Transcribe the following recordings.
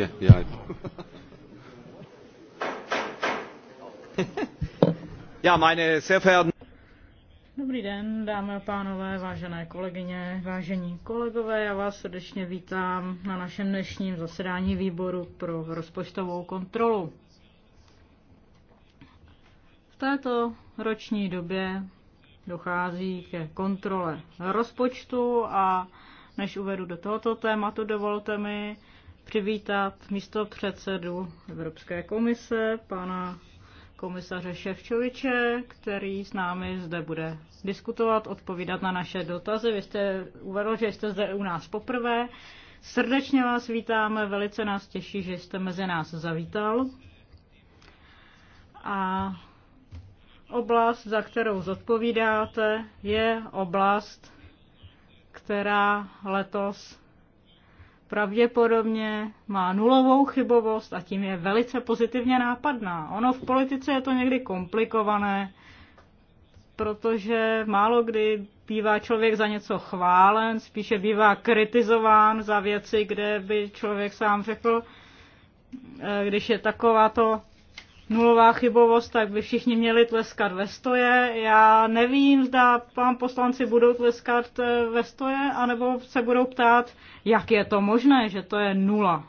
Yeah, yeah. meine sehr verehrten Dobrý den, dámy a pánové, vážené kolegyně, vážení kolegové, já vás srdečně vítám na našem dnešním zasedání výboru pro rozpočtovou kontrolu. V této roční době dochází ke kontrole rozpočtu a než uvedu do tohoto tématu, dovolte mi, přivítat místo předsedu Evropské komise, pana komisaře Ševčoviče, který s námi zde bude diskutovat, odpovídat na naše dotazy. Vy jste uvedl, že jste zde u nás poprvé. Srdečně vás vítáme, velice nás těší, že jste mezi nás zavítal. A oblast, za kterou zodpovídáte, je oblast, která letos pravděpodobně má nulovou chybovost a tím je velice pozitivně nápadná. Ono v politice je to někdy komplikované, protože málo kdy bývá člověk za něco chválen, spíše bývá kritizován za věci, kde by člověk sám řekl, eh, když je takováto nulová chybovost, tak by všichni měli tleskat ve stoje. Já nevím, zda pán poslanci budou tleskat eh, ve stoje, anebo se budou ptát, jak je to možné, že to je nula,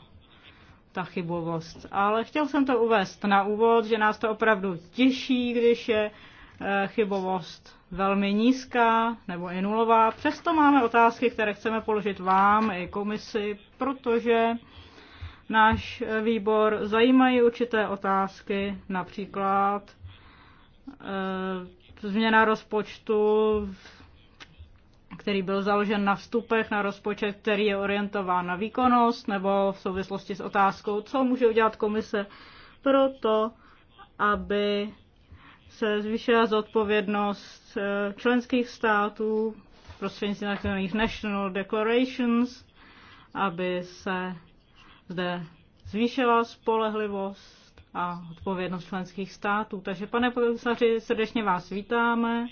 ta chybovost. Ale chtěl jsem to uvést na úvod, že nás to opravdu těší, když je eh, chybovost velmi nízká nebo i nulová. Přesto máme otázky, které chceme položit vám i komisi, protože náš výbor zajímají určité otázky, například e, změna rozpočtu, který byl založen na vstupech, na rozpočet, který je orientován na výkonnost, nebo v souvislosti s otázkou, co může udělat komise pro to, aby se zvýšila zodpovědnost eh, členských států prostřednictvím tzv. National Declarations, aby se zde zvýšila spolehlivost a odpovědnost členských států. Takže pane komisaři, srdečně vás vítáme.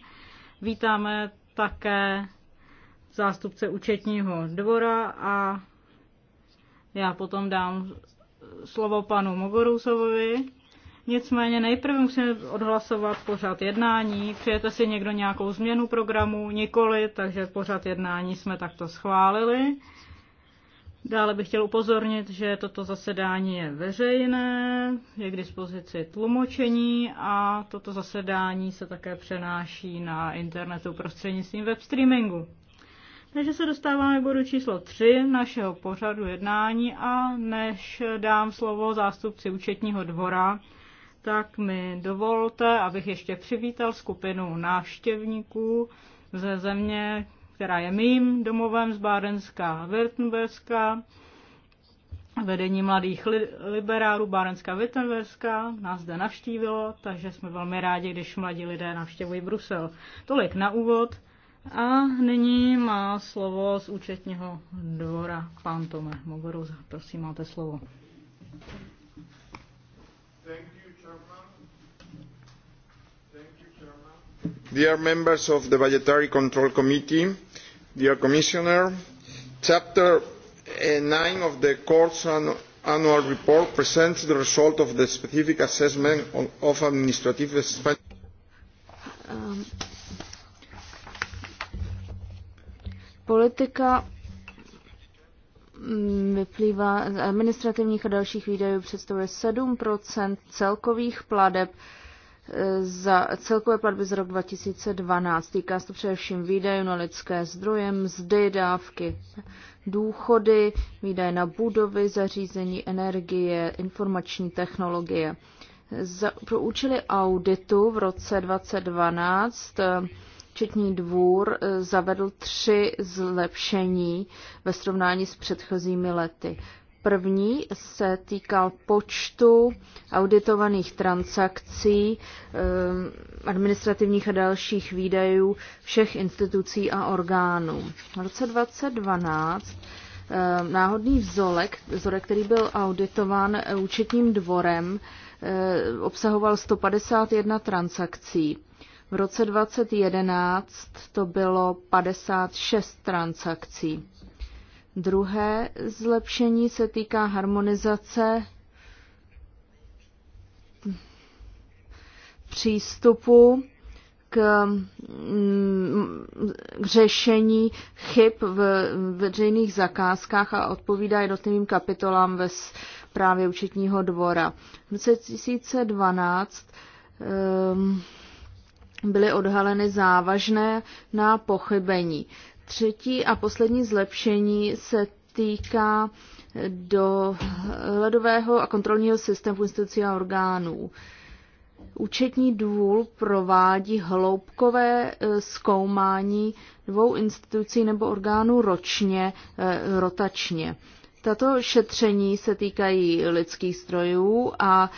Vítáme také zástupce účetního dvora a já potom dám slovo panu Mogorusovovi. Nicméně nejprve musíme odhlasovat pořád jednání. Přijete si někdo nějakou změnu programu? Nikoli, takže pořád jednání jsme takto schválili. Dále bych chtěl upozornit, že toto zasedání je veřejné, je k dispozici tlumočení a toto zasedání se také přenáší na internetu prostřednictvím web streamingu. Takže se dostáváme k bodu číslo 3 našeho pořadu jednání a než dám slovo zástupci účetního dvora, tak mi dovolte, abych ještě přivítal skupinu návštěvníků ze země, která je mým domovem z Bárenská Württemberska, vedení mladých li- liberálů Bárenská Württemberska nás zde navštívilo, takže jsme velmi rádi, když mladí lidé navštěvují Brusel. Tolik na úvod. A nyní má slovo z účetního dvora pán Tome Mogoruza. Prosím, máte slovo. Dear members of the Budgetary Control Committee, dear Commissioner. Chapter nine of the Court's annual report presents the result of the specific assessment of administrative expenditure. Um, politika mm, vyplývá z administrativních a dalších výdajů představuje 7 celkových pladeb za celkové platby z roku 2012. Týká se to především výdajů na lidské zdroje, mzdy, dávky, důchody, výdaje na budovy, zařízení, energie, informační technologie. Za, pro účely auditu v roce 2012 eh, Četní dvůr eh, zavedl tři zlepšení ve srovnání s předchozími lety. První se týkal počtu auditovaných transakcí, eh, administrativních a dalších výdajů všech institucí a orgánů. V roce 2012 eh, náhodný vzorek, vzorek, který byl auditován účetním dvorem, eh, obsahoval 151 transakcí. V roce 2011 to bylo 56 transakcí. Druhé zlepšení se týká harmonizace přístupu k, mm, k řešení chyb v veřejných zakázkách a odpovídá jednotlivým kapitolám ve právě účetního dvora. V roce 2012 um, ehm, byly odhaleny závažné na pochybení. Třetí a poslední zlepšení se týká eh, do hledového eh, a kontrolního systému institucí a orgánů. Účetní důl provádí hloubkové eh, zkoumání dvou institucí nebo orgánů ročně, rotačně. Tato šetření se týkají lidských strojů a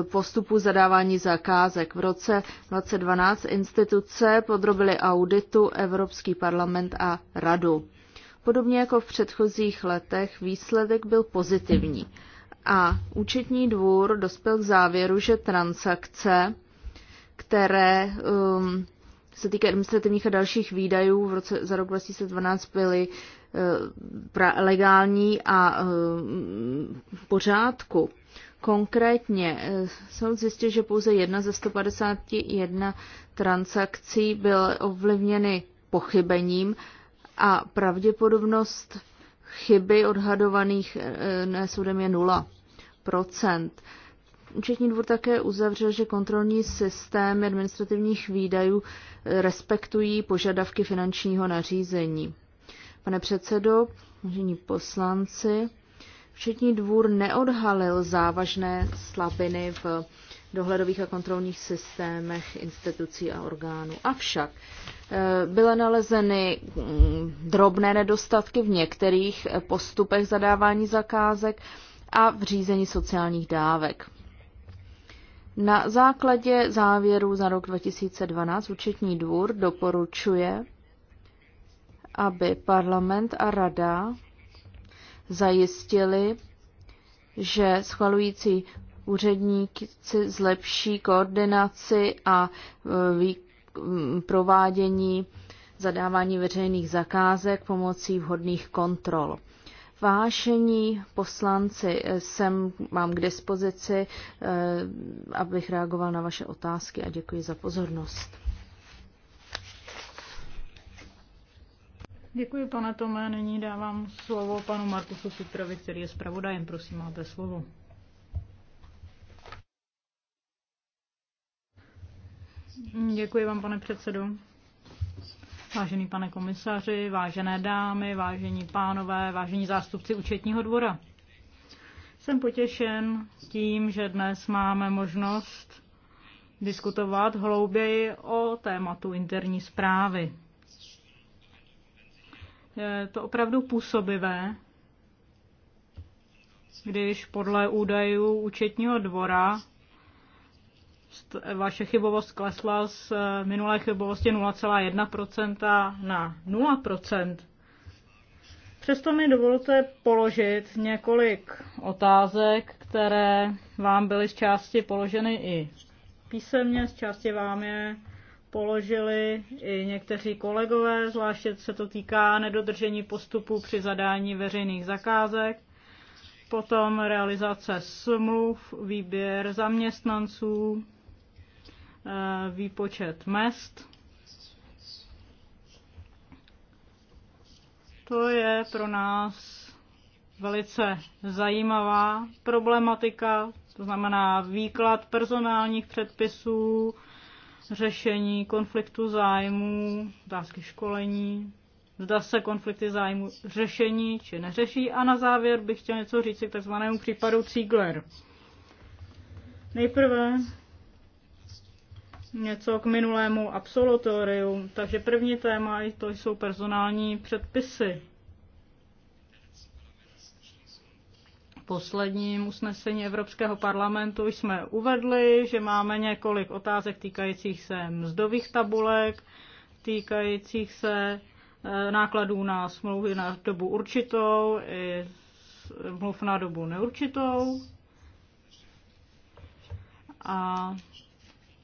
e, postupu zadávání zakázek. V roce 2012 instituce podrobily auditu Evropský parlament a radu. Podobně jako v předchozích letech výsledek byl pozitivní a účetní dvůr dospěl k závěru, že transakce, které um, se týkají administrativních a dalších výdajů v roce, za rok 2012 byly uh, Eh, legální a eh, pořádku. Konkrétně eh, jsem zjistil, že pouze jedna ze 151 transakcí byly ovlivněny pochybením a pravděpodobnost chyby odhadovaných soudem je 0 Účetní dvůr také uzavřel, že kontrolní systém administrativních výdajů respektují požadavky finančního nařízení. Pane předsedo, vážení poslanci, všetní dvůr neodhalil závažné slabiny v dohledových a kontrolních systémech institucí a orgánů. Avšak eh, byly nalezeny mm, drobné nedostatky v některých postupech zadávání zakázek a v řízení sociálních dávek. Na základě závěrů za rok 2012 účetní dvůr doporučuje aby parlament a rada zajistili, že schvalující úředníci zlepší koordinaci a e, provádění zadávání veřejných zakázek pomocí vhodných kontrol. Vášení poslanci jsem mám k dispozici, e, abych reagoval na vaše otázky a děkuji za pozornost. Děkuji, pane Tome. Nyní dávám slovo panu Markusu Sutrovi, který je zpravodajem. Prosím, máte slovo. Děkuji vám, pane předsedo. Vážený pane komisaři, vážené dámy, vážení pánové, vážení zástupci účetního dvora. Jsem potěšen tím, že dnes máme možnost diskutovat hlouběji o tématu interní zprávy je to opravdu působivé, když podle údajů účetního dvora vaše chybovost klesla z eh, minulé chybovosti 0,1% na 0%. Přesto mi dovolte položit několik otázek, které vám byly z části položeny i písemně, z části vám je položili i někteří kolegové, zvláště se to týká nedodržení postupu při zadání veřejných zakázek, potom realizace smluv, výběr zaměstnanců, eh, výpočet mest. To je pro nás velice zajímavá problematika, to znamená výklad personálních předpisů, řešení konfliktu zájmů, otázky školení, zda se konflikty zájmu řešení či neřeší. A na závěr bych chtěl něco říct k takzvanému případu Ziegler. Nejprve něco k minulému absolutoriu. Takže první téma to jsou personální předpisy. posledním usnesení Evropského parlamentu jsme uvedli, že máme několik otázek týkajících se mzdových tabulek, týkajících se e, nákladů na smlouvy na dobu určitou i smluv na dobu neurčitou. A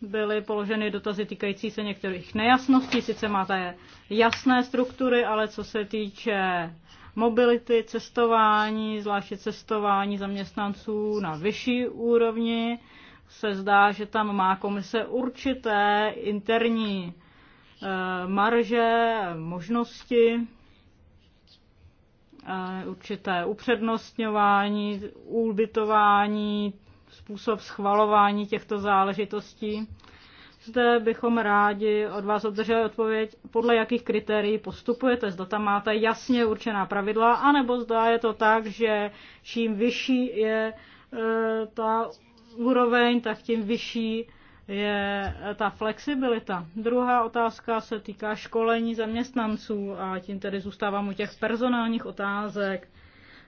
byly položeny dotazy týkající se některých nejasností. Sice máte jasné struktury, ale co se týče mobility, cestování, zvláště cestování zaměstnanců na vyšší úrovni, se zdá, že tam má komise určité interní eh, marže, možnosti, eh, určité upřednostňování, ubytování, způsob schvalování těchto záležitostí. Zde bychom rádi od vás obdrželi odpověď, podle jakých kritérií postupujete. Zda tam máte jasně určená pravidla, anebo zda je to tak, že čím vyšší je e, ta úroveň, tak tím vyšší je e, ta flexibilita. Druhá otázka se týká školení zaměstnanců a tím tedy zůstávám u těch personálních otázek.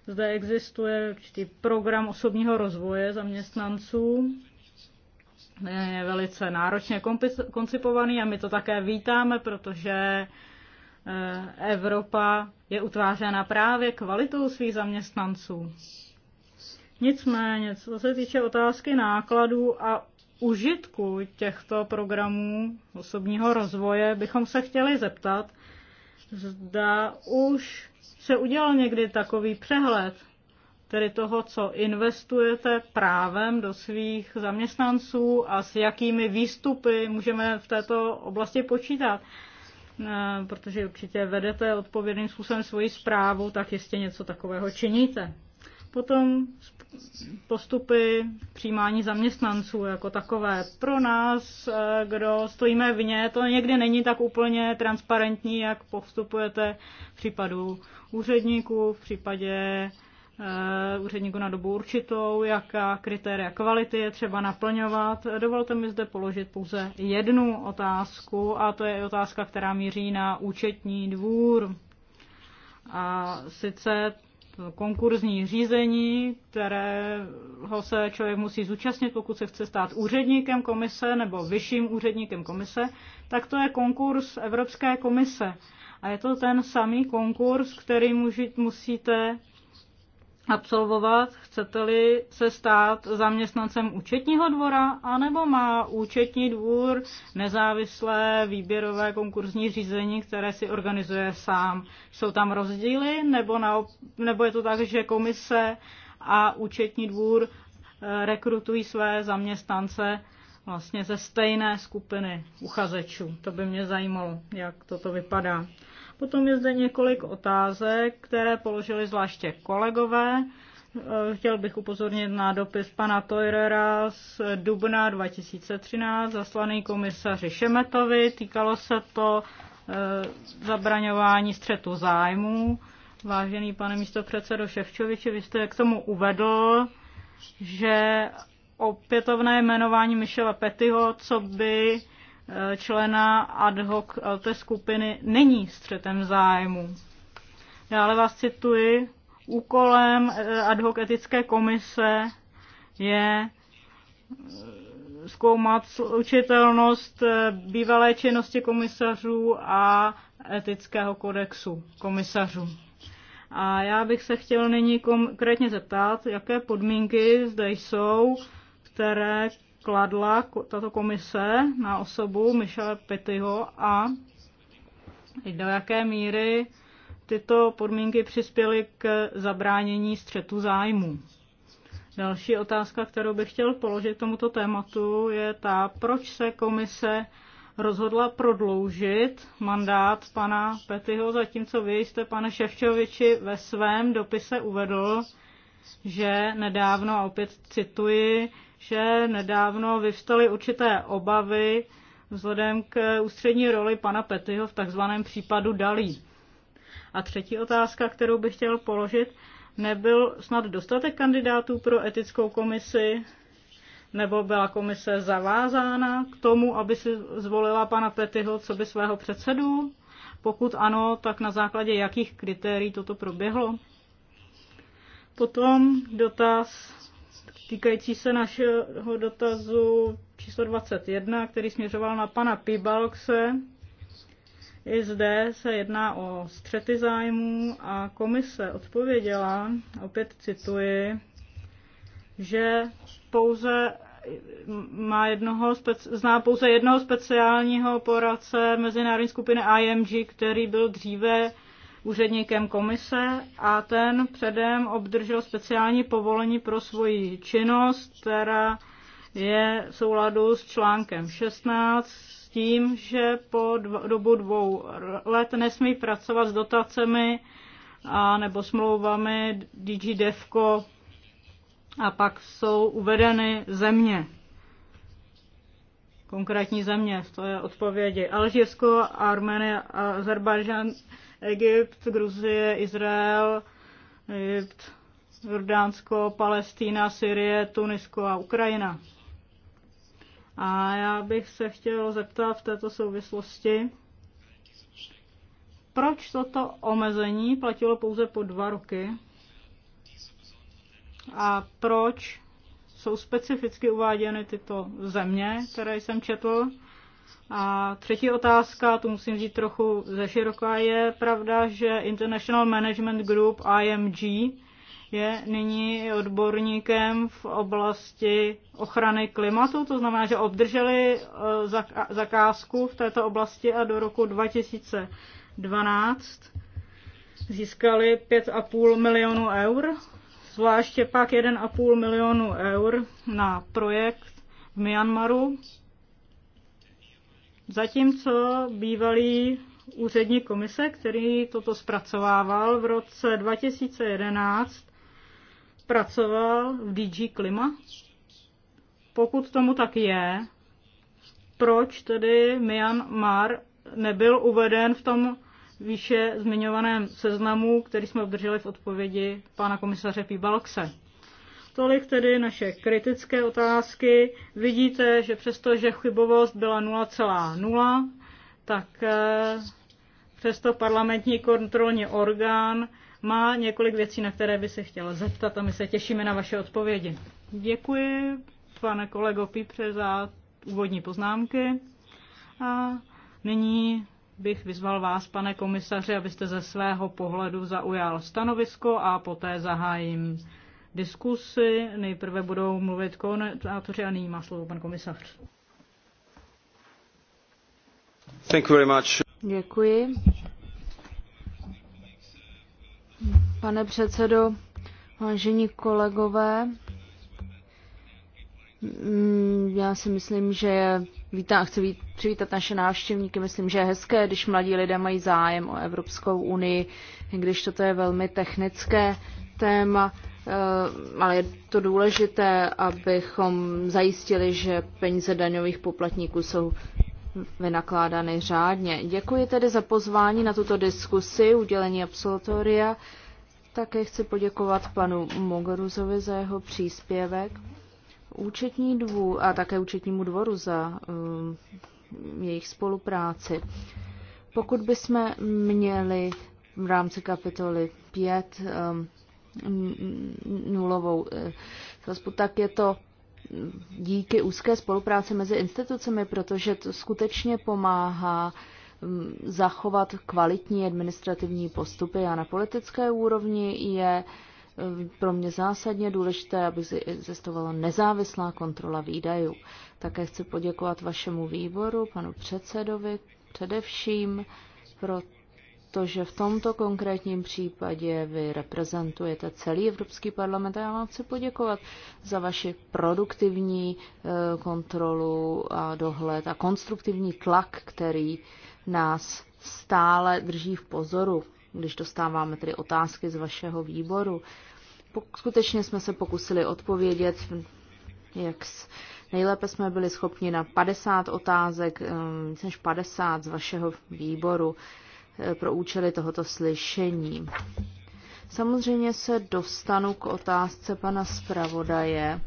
Zde existuje určitý program osobního rozvoje zaměstnanců, je velice náročně koncipovaný a my to také vítáme, protože eh, Evropa je utvářena právě kvalitou svých zaměstnanců. Nicméně, co se týče otázky nákladů a užitku těchto programů osobního rozvoje, bychom se chtěli zeptat, zda už se udělal někdy takový přehled tedy toho, co investujete právem do svých zaměstnanců a s jakými výstupy můžeme v této oblasti počítat. Eh, protože určitě vedete odpovědným způsobem svoji zprávu, tak jistě něco takového činíte. Potom postupy přijímání zaměstnanců jako takové. Pro nás, eh, kdo stojíme vně, to někdy není tak úplně transparentní, jak postupujete v případu úředníků, v případě Eh, úředníku na dobu určitou, jaká kritéria kvality je třeba naplňovat. Dovolte mi zde položit pouze jednu otázku a to je otázka, která míří na účetní dvůr. A sice konkurzní řízení, kterého se člověk musí zúčastnit, pokud se chce stát úředníkem komise nebo vyšším úředníkem komise, tak to je konkurs Evropské komise. A je to ten samý konkurs, který musíte absolvovat, chcete-li se stát zaměstnancem účetního dvora, anebo má účetní dvůr nezávislé výběrové konkurzní řízení, které si organizuje sám. Jsou tam rozdíly, nebo, na, nebo je to tak, že komise a účetní dvůr eh, rekrutují své zaměstnance vlastně ze stejné skupiny uchazečů. To by mě zajímalo, jak toto vypadá. Potom je zde několik otázek, které položili zvláště kolegové. Eh, chtěl bych upozornit na dopis pana Toirera z dubna 2013, zaslaný komisaři Šemetovi. Týkalo se to eh, zabraňování střetu zájmů. Vážený pane místopředsedo Ševčoviče, vy jste k tomu uvedl, že opětovné jmenování Michela Petyho, co by člena ad hoc té skupiny není střetem zájmu. Dále vás cituji, úkolem eh, ad hoc etické komise je eh, zkoumat slučitelnost eh, bývalé činnosti komisařů a etického kodexu komisařů. A já bych se chtěl nyní konkrétně zeptat, jaké podmínky zde jsou, které kladla tato komise na osobu Michele Pettyho a do jaké míry tyto podmínky přispěly k zabránění střetu zájmu. Další otázka, kterou bych chtěl položit tomuto tématu, je ta, proč se komise rozhodla prodloužit mandát pana Petyho, zatímco vy jste, pane Ševčoviči, ve svém dopise uvedl, že nedávno, a opět cituji, že nedávno vyvstaly určité obavy vzhledem k ústřední roli pana Petyho v takzvaném případu Dalí. A třetí otázka, kterou bych chtěl položit, nebyl snad dostatek kandidátů pro etickou komisi, nebo byla komise zavázána k tomu, aby si zvolila pana Petyho co by svého předsedu? Pokud ano, tak na základě jakých kritérií toto proběhlo? Potom dotaz týkající se našeho dotazu číslo 21, který směřoval na pana Pibalkse. I zde se jedná o střety zájmů a komise odpověděla, opět cituji, že pouze má jednoho, zná pouze jednoho speciálního poradce mezinárodní skupiny IMG, který byl dříve úředníkem komise a ten předem obdržel speciální povolení pro svoji činnost, která je v souladu s článkem 16 s tím, že po dobu dvou let nesmí pracovat s dotacemi a nebo smlouvami DG Devco a pak jsou uvedeny země. Konkrétní země, to je odpovědi. Alžírsko, Armenie, Azerbajdžán, Egypt, Gruzie, Izrael, Egypt, Jordánsko, Palestína, Syrie, Tunisko a Ukrajina. A já bych se chtěl zeptat v této souvislosti, proč toto omezení platilo pouze po dva roky a proč jsou specificky uváděny tyto země, které jsem četl, a třetí otázka, tu musím říct trochu ze široká, je pravda, že International Management Group IMG je nyní odborníkem v oblasti ochrany klimatu, to znamená, že obdrželi e, zakázku v této oblasti a do roku 2012 získali 5,5 milionu eur, zvláště pak 1,5 milionu eur na projekt v Myanmaru, Zatímco bývalý úřední komise, který toto zpracovával v roce 2011, pracoval v DG Klima. Pokud tomu tak je, proč tedy Myanmar nebyl uveden v tom výše zmiňovaném seznamu, který jsme obdrželi v odpovědi pana komisaře Pibalkse? Tolik tedy naše kritické otázky. Vidíte, že přestože chybovost byla 0,0, tak eh, přesto parlamentní kontrolní orgán má několik věcí, na které by se chtěla zeptat a my se těšíme na vaše odpovědi. Děkuji, pane kolego Pipře, za úvodní poznámky. A nyní bych vyzval vás, pane komisaři, abyste ze svého pohledu zaujal stanovisko a poté zahájím diskusi. Nejprve budou mluvit koordinátoři a nyní má slovo pan komisař. Thank you very much. Děkuji. Pane předsedo, vážení kolegové, mm, já si myslím, že vítám, chci vít, přivítat naše návštěvníky. Myslím, že je hezké, když mladí lidé mají zájem o Evropskou unii, když toto je velmi technické téma. Eh, ale je to důležité, abychom zajistili, že peníze daňových poplatníků jsou vynakládány řádně. Děkuji tedy za pozvání na tuto diskusi, udělení absolutoria. Také chci poděkovat panu Mogoruzovi za jeho příspěvek, účetní dvů a také účetnímu dvoru za um, jejich spolupráci. Pokud bychom měli v rámci kapitoly 5 um, eh, Mm, nulovou eh, sazbu, tak je to díky úzké spolupráci mezi institucemi, protože to skutečně pomáhá mm, zachovat kvalitní administrativní postupy a na politické úrovni je eh, pro mě zásadně důležité, aby existovala nezávislá kontrola výdajů. Také chci poděkovat vašemu výboru, panu předsedovi především, pro to, že v tomto konkrétním případě vy reprezentujete celý Evropský parlament a já vám chci poděkovat za vaši produktivní eh, kontrolu a dohled a konstruktivní tlak, který nás stále drží v pozoru, když dostáváme tedy otázky z vašeho výboru. Skutečně jsme se pokusili odpovědět, jak nejlépe jsme byli schopni na 50 otázek, eh, více než 50 z vašeho výboru. Eh, pro účely tohoto slyšení. Samozřejmě se dostanu k otázce pana zpravodaje,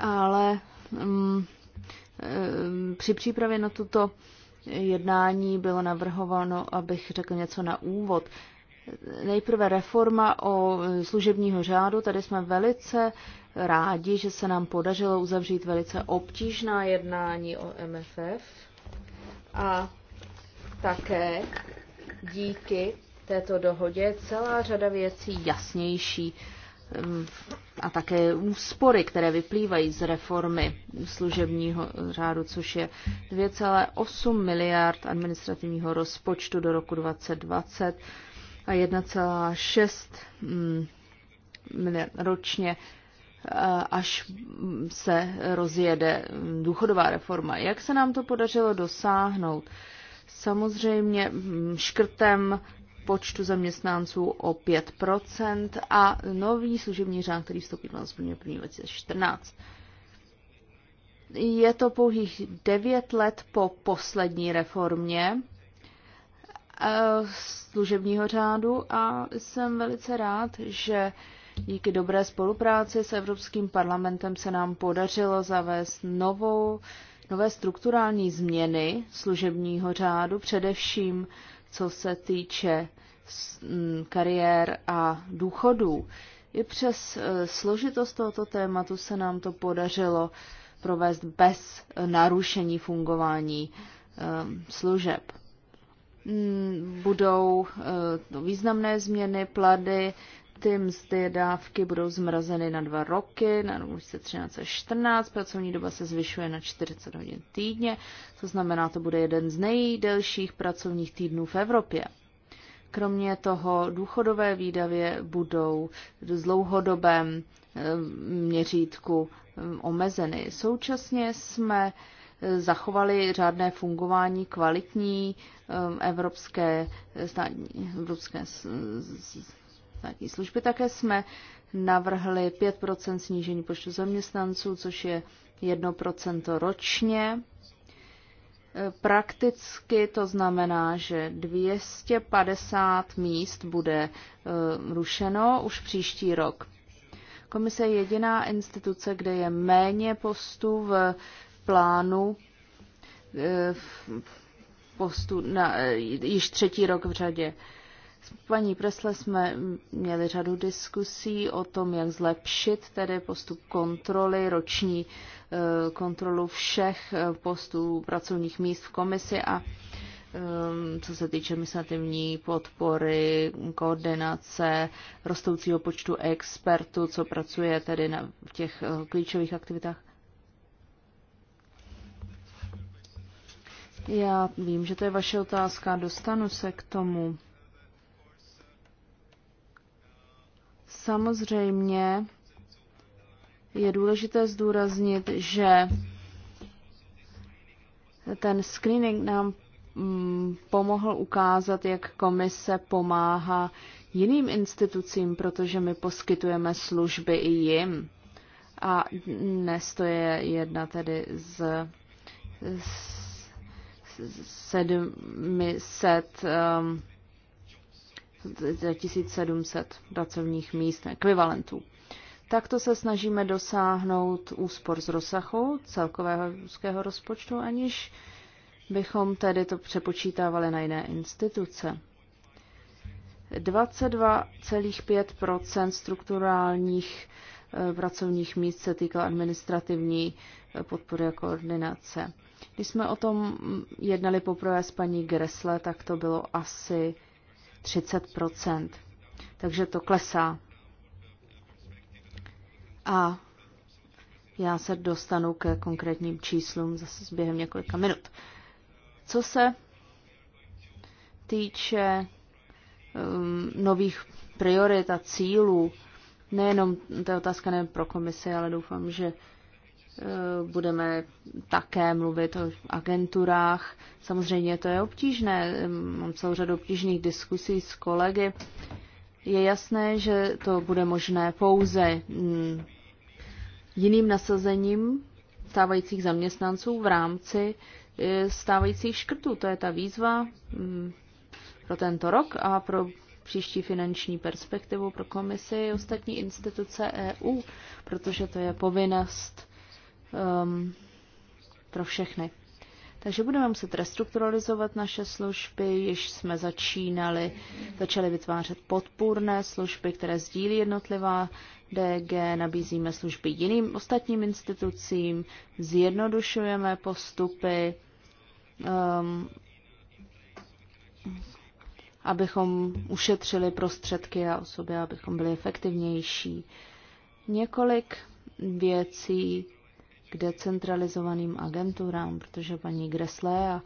ale um, um, při přípravě na tuto jednání bylo navrhováno, abych řekl něco na úvod. Nejprve reforma o služebního řádu. Tady jsme velice rádi, že se nám podařilo uzavřít velice obtížná jednání o MFF. A také díky této dohodě celá řada věcí jasnější a také úspory, které vyplývají z reformy služebního řádu, což je 2,8 miliard administrativního rozpočtu do roku 2020 a 1,6 mm, miliard ročně, e, až se rozjede důchodová reforma. Jak se nám to podařilo dosáhnout? Samozřejmě mm, škrtem počtu zaměstnanců o 5 a nový služební řád, který vstoupí v nás 1. 2014. Je to pouhých 9 let po poslední reformě eh, služebního řádu a jsem velice rád, že díky dobré spolupráci s Evropským parlamentem se nám podařilo zavést novou nové strukturální změny služebního řádu, především co se týče mm, kariér a důchodů. I přes e, složitost tohoto tématu se nám to podařilo provést bez narušení fungování e, služeb. Mm, budou e, významné změny, plady, ty mzdy dávky budou zmrazeny na dva roky, na se 13 až 14, pracovní doba se zvyšuje na 40 hodin týdně, to znamená, to bude jeden z nejdelších pracovních týdnů v Evropě. Kromě toho důchodové výdavě budou z dlouhodobém eh, měřítku eh, omezeny. Současně jsme eh, zachovali řádné fungování kvalitní evropské státní, evropské státní služby. Také jsme navrhli 5 snížení počtu zaměstnanců, což je 1 ročně. E, prakticky to znamená, že 250 míst bude e, rušeno už příští rok. Komise je jediná instituce, kde je méně postů v plánu e, postu na, již třetí rok v řadě. S paní Presle jsme měli řadu diskusí o tom, jak zlepšit tedy postup kontroly, roční eh, kontrolu všech eh, postů pracovních míst v komisi a ehm, co se týče administrativní podpory, koordinace, rostoucího počtu expertů, co pracuje tedy na těch eh, klíčových aktivitách? Já vím, že to je vaše otázka, dostanu se k tomu. Samozřejmě je důležité zdůraznit, že ten screening nám mm, pomohl ukázat, jak komise pomáhá jiným institucím, protože my poskytujeme služby i jim. A dnes to je jedna tedy z set. um, 1700 pracovních míst, ekvivalentů. Takto se snažíme dosáhnout úspor z rozsahu celkového ruského rozpočtu, aniž bychom tedy to přepočítávali na jiné instituce. 22,5 strukturálních eh, pracovních míst se týká administrativní eh, podpory a koordinace. Když jsme o tom mm, jednali poprvé s paní Gresle, tak to bylo asi 30 Takže to klesá. A já se dostanu ke konkrétním číslům zase během několika minut. Co se týče um, nových priorit a cílů, nejenom, to je otázka nejen pro komisi, ale doufám, že budeme také mluvit o agenturách. Samozřejmě to je obtížné, mám celou řadu obtížných diskusí s kolegy. Je jasné, že to bude možné pouze mm, jiným nasazením stávajících zaměstnanců v rámci e, stávajících škrtů. To je ta výzva mm, pro tento rok a pro příští finanční perspektivu pro komisi i ostatní instituce EU, protože to je povinnost um, pro všechny. Takže budeme muset restrukturalizovat naše služby, již jsme začínali, začali vytvářet podpůrné služby, které sdílí jednotlivá DG, nabízíme služby jiným ostatním institucím, zjednodušujeme postupy, um, abychom ušetřili prostředky a osoby, abychom byli efektivnější. Několik věcí k decentralizovaným agenturám, protože paní Gresle a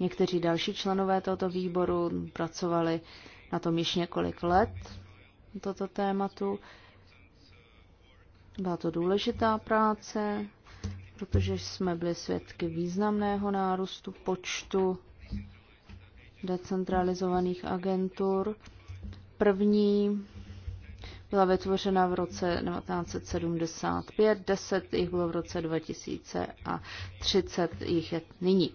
někteří další členové tohoto výboru pracovali na tom již několik let, toto tématu. Byla to důležitá práce, protože jsme byli svědky významného nárůstu počtu decentralizovaných agentur. První byla vytvořena v roce 1975, 10 jich bylo v roce 2000 a 30 jich je nyní.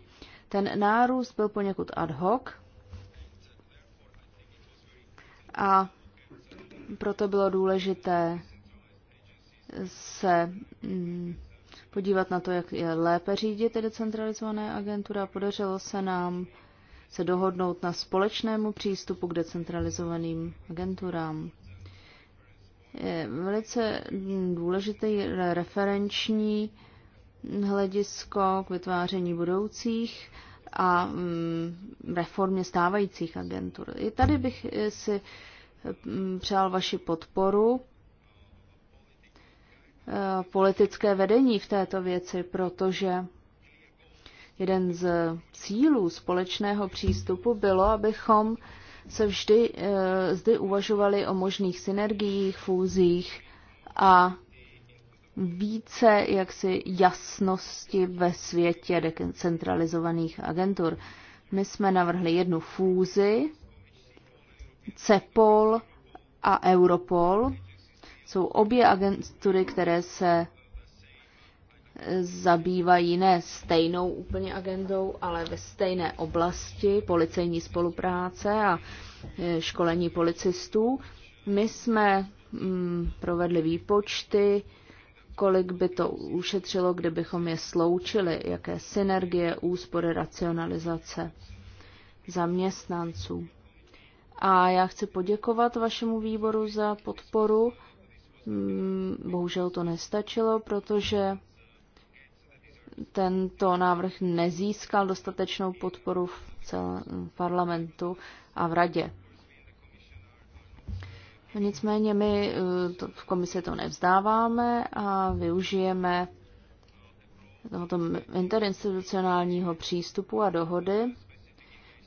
Ten nárůst byl poněkud ad hoc a proto bylo důležité se mm, podívat na to, jak je lépe řídit ty decentralizované agentury a podařilo se nám se dohodnout na společnému přístupu k decentralizovaným agenturám je velice důležité referenční hledisko k vytváření budoucích a mm, reformě stávajících agentur. I tady bych eh, si mm, přál vaši podporu eh, politické vedení v této věci, protože jeden z cílů společného přístupu bylo, abychom se vždy eh, zde uvažovali o možných synergiích, fúzích a více jaksi jasnosti ve světě decentralizovaných agentur. My jsme navrhli jednu fúzi, CEPOL a Europol. Jsou obě agentury, které se zabývají ne stejnou úplně agendou, ale ve stejné oblasti policejní spolupráce a e, školení policistů. My jsme mm, provedli výpočty, kolik by to ušetřilo, kdybychom je sloučili, jaké synergie, úspory, racionalizace zaměstnanců. A já chci poděkovat vašemu výboru za podporu. Mm, bohužel to nestačilo, protože tento návrh nezískal dostatečnou podporu v celém parlamentu a v radě. Nicméně my eh, to, v komisi to nevzdáváme a využijeme tohoto interinstitucionálního přístupu a dohody.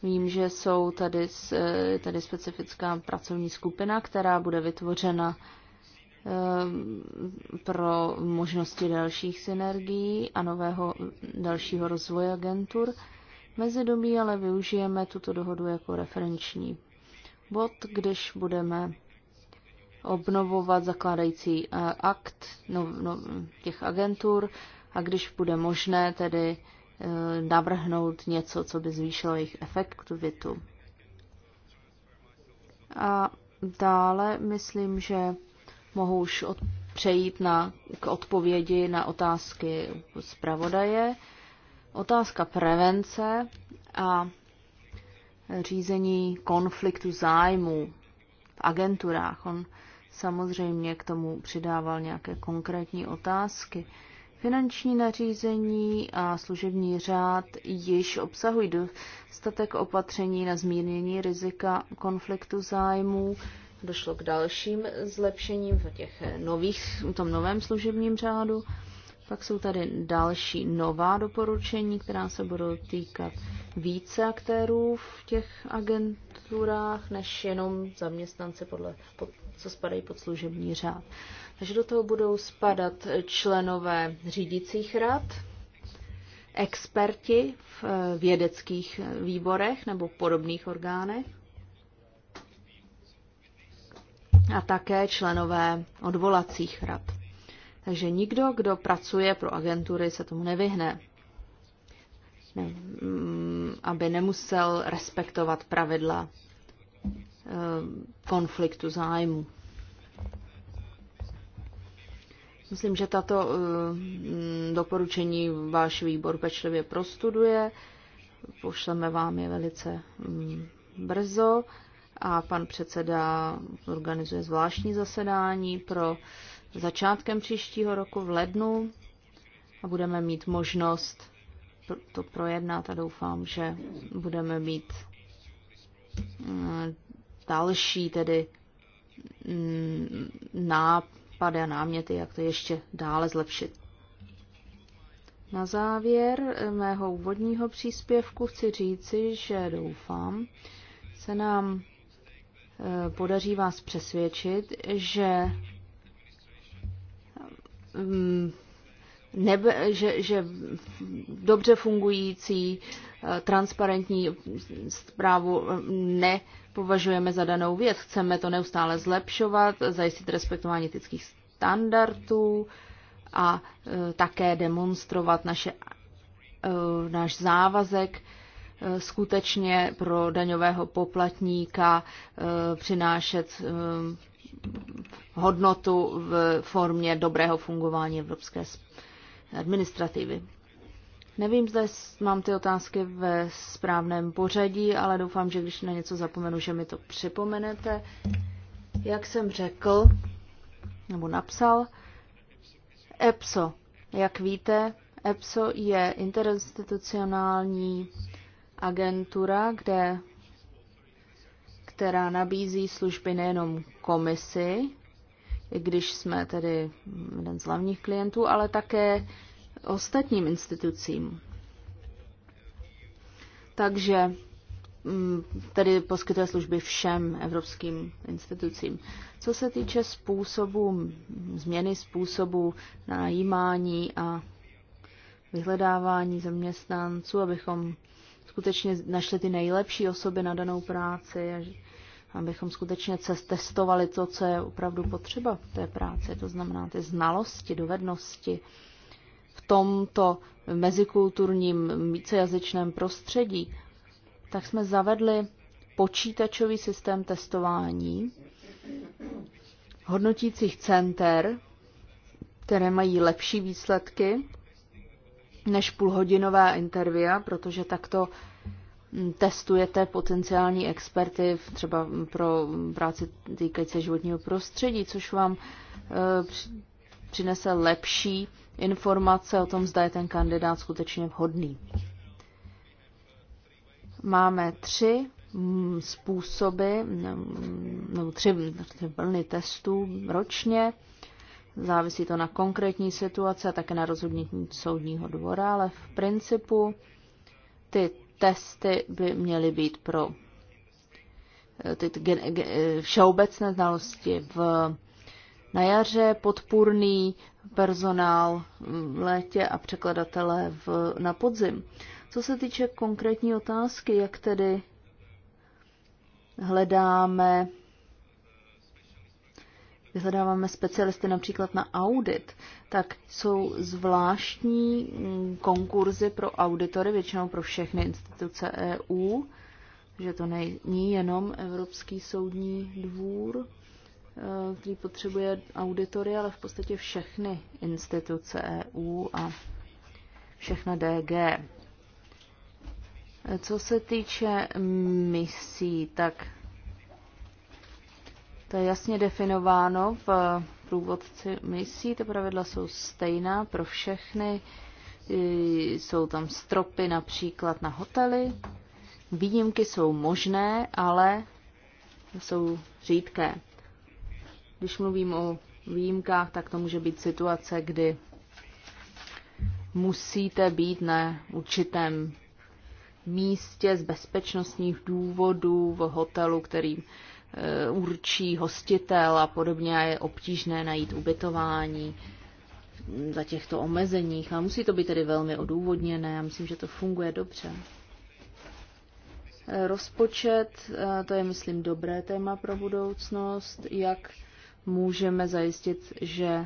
Vím, že jsou tady, eh, tady specifická pracovní skupina, která bude vytvořena Eh, pro možnosti dalších synergií a nového dalšího rozvoje agentur. mezi dobí ale využijeme tuto dohodu jako referenční bod, když budeme obnovovat zakládající eh, akt no, no, těch agentur a když bude možné tedy eh, navrhnout něco, co by zvýšilo jejich efektivitu. A dále myslím, že mohu už od, přejít na, k odpovědi na otázky zpravodaje. Otázka prevence a řízení konfliktu zájmu v agenturách. On samozřejmě k tomu přidával nějaké konkrétní otázky. Finanční nařízení a služební řád již obsahují dostatek opatření na zmírnění rizika konfliktu zájmů došlo k dalším zlepšením v těch nových, v tom novém služebním řádu. Pak jsou tady další nová doporučení, která se budou týkat více aktérů v těch agenturách, než jenom zaměstnance, podle, pod, co spadají pod služební řád. Takže do toho budou spadat členové řídicích rad, experti v eh, vědeckých eh, výborech nebo podobných orgánech, a také členové odvolacích rad. Takže nikdo, kdo pracuje pro agentury, se tomu nevyhne, ne, mm, aby nemusel respektovat pravidla eh, konfliktu zájmu. Myslím, že tato eh, mm, doporučení váš výbor pečlivě prostuduje. Pošleme vám je velice mm, brzo a pan předseda organizuje zvláštní zasedání pro začátkem příštího roku v lednu a budeme mít možnost to projednat a doufám, že budeme mít eh, další tedy mm, nápady a náměty, jak to ještě dále zlepšit. Na závěr eh, mého úvodního příspěvku chci říci, že doufám, se nám podaří vás přesvědčit, že mm, nebe, že, že dobře fungující eh, transparentní zprávu eh, nepovažujeme za danou věc. Chceme to neustále zlepšovat, zajistit respektování etických standardů a eh, také demonstrovat naše, náš závazek skutečně pro daňového poplatníka eh, přinášet eh, hodnotu v formě dobrého fungování evropské administrativy. Nevím, zda mám ty otázky ve správném pořadí, ale doufám, že když na něco zapomenu, že mi to připomenete. Jak jsem řekl, nebo napsal, EPSO. Jak víte, EPSO je interinstitucionální agentura, kde, která nabízí služby nejenom komisi, i když jsme tedy jeden z hlavních klientů, ale také ostatním institucím. Takže mm, tedy poskytuje služby všem evropským institucím. Co se týče způsobu, změny způsobu najímání a vyhledávání zaměstnanců, abychom skutečně našli ty nejlepší osoby na danou práci a abychom skutečně testovali to, co je opravdu potřeba v té práci, to znamená ty znalosti, dovednosti v tomto mezikulturním vícejazyčném prostředí, tak jsme zavedli počítačový systém testování hodnotících center, které mají lepší výsledky než půlhodinová intervia, protože takto mm, testujete potenciální experty třeba pro práci týkající se životního prostředí, což vám eh, přinese lepší informace o tom, zda je ten kandidát skutečně vhodný. Máme tři mm, způsoby, mm, nebo tři, tři vlny testů ročně. Závisí to na konkrétní situaci a také na rozhodnutí soudního dvora, ale v principu ty testy by měly být pro eh, ty, eh, všeobecné znalosti v, na jaře, podpůrný personál v létě a překladatelé v, na podzim. Co se týče konkrétní otázky, jak tedy hledáme vyhledáváme specialisty například na audit, tak jsou zvláštní mm, konkurzy pro auditory, většinou pro všechny instituce EU, že to není jenom Evropský soudní dvůr, eh, který potřebuje auditory, ale v podstatě všechny instituce EU a všechna DG. Eh, co se týče misí, tak to je jasně definováno v průvodci misí. Ty pravidla jsou stejná pro všechny. Jsou tam stropy například na hotely. Výjimky jsou možné, ale jsou řídké. Když mluvím o výjimkách, tak to může být situace, kdy musíte být na určitém místě z bezpečnostních důvodů v hotelu, kterým Eh, určí hostitel a podobně a je obtížné najít ubytování za těchto omezeních. A musí to být tedy velmi odůvodněné Já myslím, že to funguje dobře. Eh, rozpočet, eh, to je, myslím, dobré téma pro budoucnost, jak můžeme zajistit, že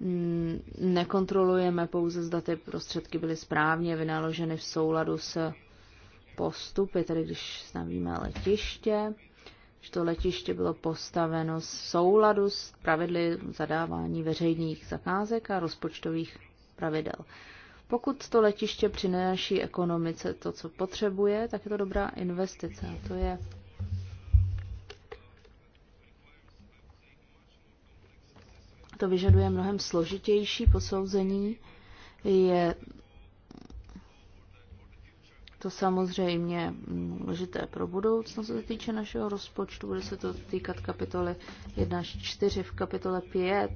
mm, nekontrolujeme pouze, zda ty prostředky byly správně vynaloženy v souladu s postupy, tedy když stavíme letiště, že to letiště bylo postaveno v souladu s pravidly zadávání veřejných zakázek a rozpočtových pravidel. Pokud to letiště přináší ekonomice to, co potřebuje, tak je to dobrá investice. A to je to vyžaduje mnohem složitější posouzení. Je to samozřejmě důležité pro budoucnost, co se týče našeho rozpočtu. Bude se to týkat kapitoly 1 až 4 v kapitole 5.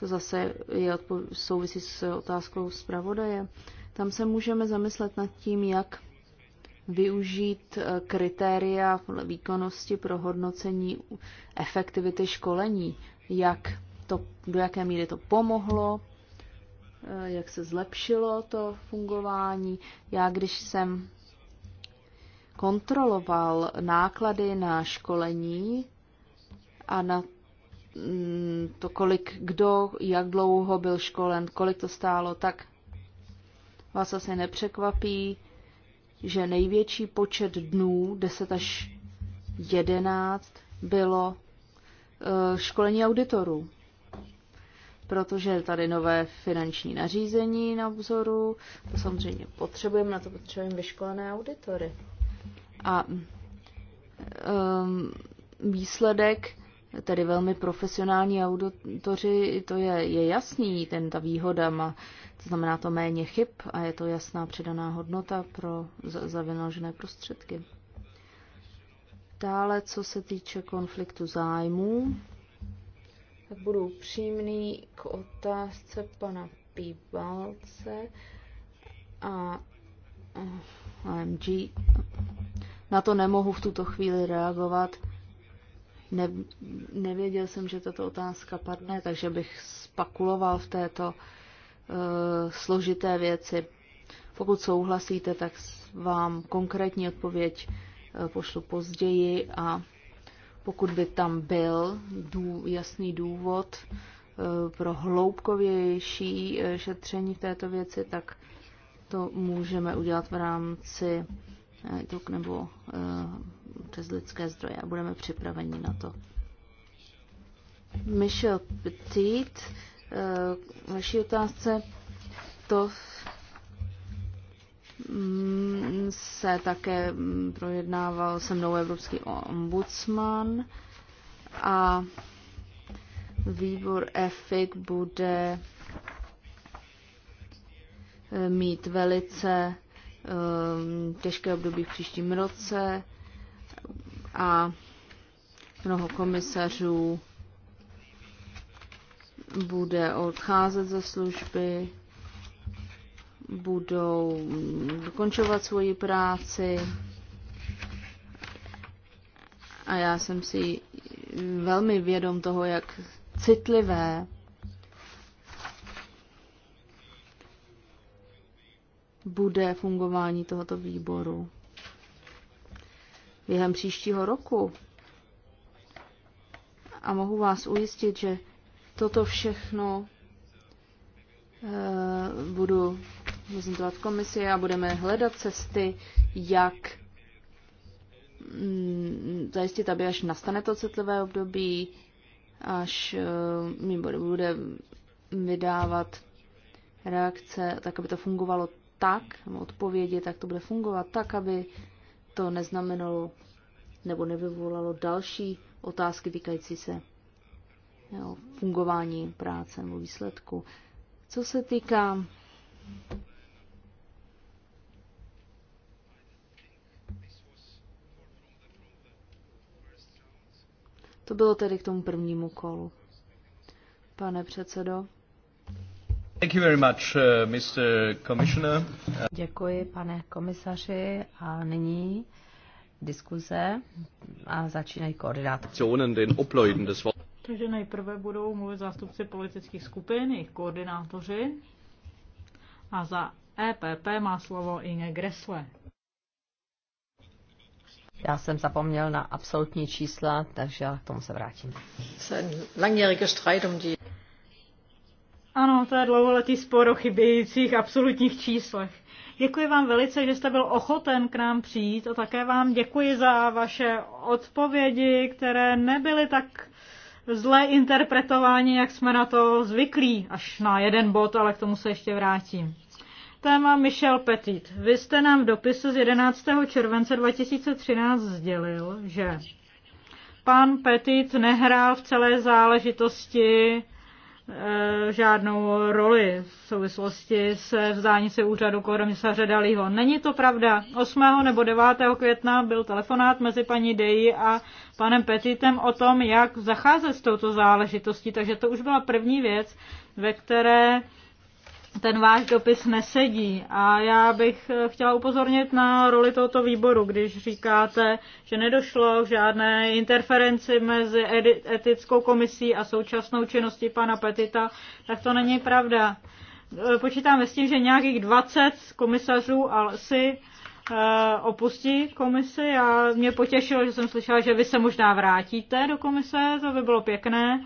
To zase je odpo- souvisí s otázkou zpravodaje. Tam se můžeme zamyslet nad tím, jak využít eh, kritéria výkonnosti pro hodnocení efektivity školení, jak to, do jaké míry to pomohlo Eh, jak se zlepšilo to fungování. Já, když jsem kontroloval náklady na školení a na mm, to, kolik kdo, jak dlouho byl školen, kolik to stálo, tak vás asi nepřekvapí, že největší počet dnů, 10 až 11, bylo eh, školení auditorů protože tady nové finanční nařízení na obzoru, to samozřejmě potřebujeme, na to potřebujeme vyškolené auditory. A um, výsledek, tedy velmi profesionální auditoři, to je, je jasný, ten ta výhoda má, to znamená to méně chyb a je to jasná přidaná hodnota pro za, za vynaložené prostředky. Dále, co se týče konfliktu zájmů, tak budu upřímný k otázce pana Pívalce a AMG. Eh, Na to nemohu v tuto chvíli reagovat. Ne, nevěděl jsem, že tato otázka padne, takže bych spakuloval v této uh, složité věci. Pokud souhlasíte, tak vám konkrétní odpověď uh, pošlu později a pokud by tam byl dů, jasný důvod eh, pro hloubkovější eh, šetření v této věci, tak to můžeme udělat v rámci eh, tuk nebo přes lidské zdroje a budeme připraveni na to. Michel Petit, vaší otázce, to Mm, se také projednával se mnou Evropský ombudsman a výbor EFIC bude eh, mít velice eh, těžké období v příštím roce a mnoho komisařů bude odcházet ze služby budou dokončovat svoji práci. A já jsem si velmi vědom toho, jak citlivé bude fungování tohoto výboru během příštího roku. A mohu vás ujistit, že toto všechno e, budu prezentovat komisi a budeme hledat cesty, jak mm, zajistit, aby až nastane to citlivé období, až eh, mi bude vydávat reakce, tak aby to fungovalo tak, odpovědi, tak to bude fungovat tak, aby to neznamenalo nebo nevyvolalo další otázky týkající se jo, fungování práce nebo výsledku. Co se týká To bylo tedy k tomu prvnímu kolu. Pane předsedo. Thank you very much, uh, Mr. Commissioner. Děkuji, pane komisaři. A nyní diskuze a začínají koordinátoři. Takže nejprve budou mluvit zástupci politických skupin, jejich koordinátoři. A za EPP má slovo Inge Gressle. Já jsem zapomněl na absolutní čísla, takže já k tomu se vrátím. Ano, to je dlouholetý spor o chybějících absolutních číslech. Děkuji vám velice, že jste byl ochoten k nám přijít a také vám děkuji za vaše odpovědi, které nebyly tak zlé interpretování, jak jsme na to zvyklí, až na jeden bod, ale k tomu se ještě vrátím téma Michel Petit. Vy jste nám v dopise z 11. července 2013 sdělil, že pan Petit nehrál v celé záležitosti e, žádnou roli v souvislosti se vzdání se úřadu komisaře Dalího. Není to pravda. 8. nebo 9. května byl telefonát mezi paní Deji a panem Petitem o tom, jak zacházet s touto záležitostí, takže to už byla první věc, ve které ten váš dopis nesedí. A já bych eh, chtěla upozornit na roli tohoto výboru, když říkáte, že nedošlo k žádné interferenci mezi etickou komisí a současnou činností pana Petita, tak to není pravda. Eh, počítáme s tím, že nějakých 20 komisařů asi eh, opustí komisi a mě potěšilo, že jsem slyšela, že vy se možná vrátíte do komise, to by bylo pěkné.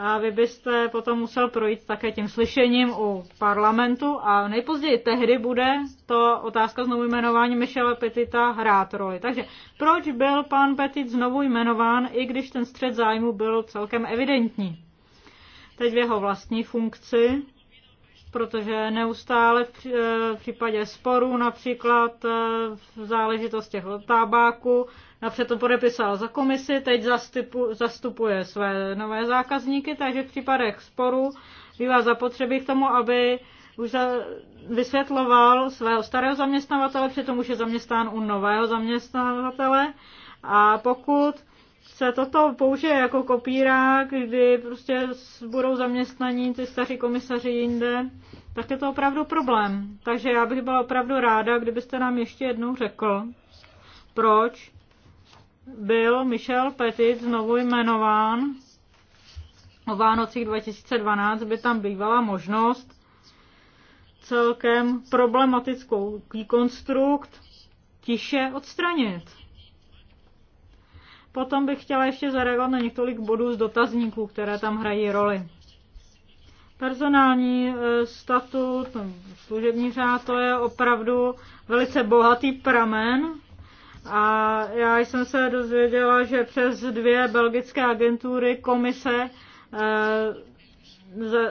A vy byste potom musel projít také tím slyšením u parlamentu a nejpozději tehdy bude to otázka znovu jmenování Michela Petita hrát roli. Takže proč byl pan Petit znovu jmenován, i když ten střed zájmu byl celkem evidentní? Teď v jeho vlastní funkci, protože neustále v eh, případě sporů, například eh, v záležitostech od tabáku, Napřed to podepisal za komisi, teď zastupu, zastupuje své nové zákazníky, takže v případech sporu bývá zapotřebí k tomu, aby už za, vysvětloval svého starého zaměstnavatele, přitom už je zaměstnán u nového zaměstnavatele. A pokud se toto použije jako kopírák, kdy prostě budou zaměstnaní ty staří komisaři jinde, tak je to opravdu problém. Takže já bych byla opravdu ráda, kdybyste nám ještě jednou řekl, proč byl Michel Petit znovu jmenován o Vánocích 2012, by tam bývala možnost celkem problematickou konstrukt tiše odstranit. Potom bych chtěla ještě zareagovat na několik bodů z dotazníků, které tam hrají roli. Personální eh, statut, no, služební řád, to je opravdu velice bohatý pramen a já jsem se dozvěděla, že přes dvě belgické agentury komise eh,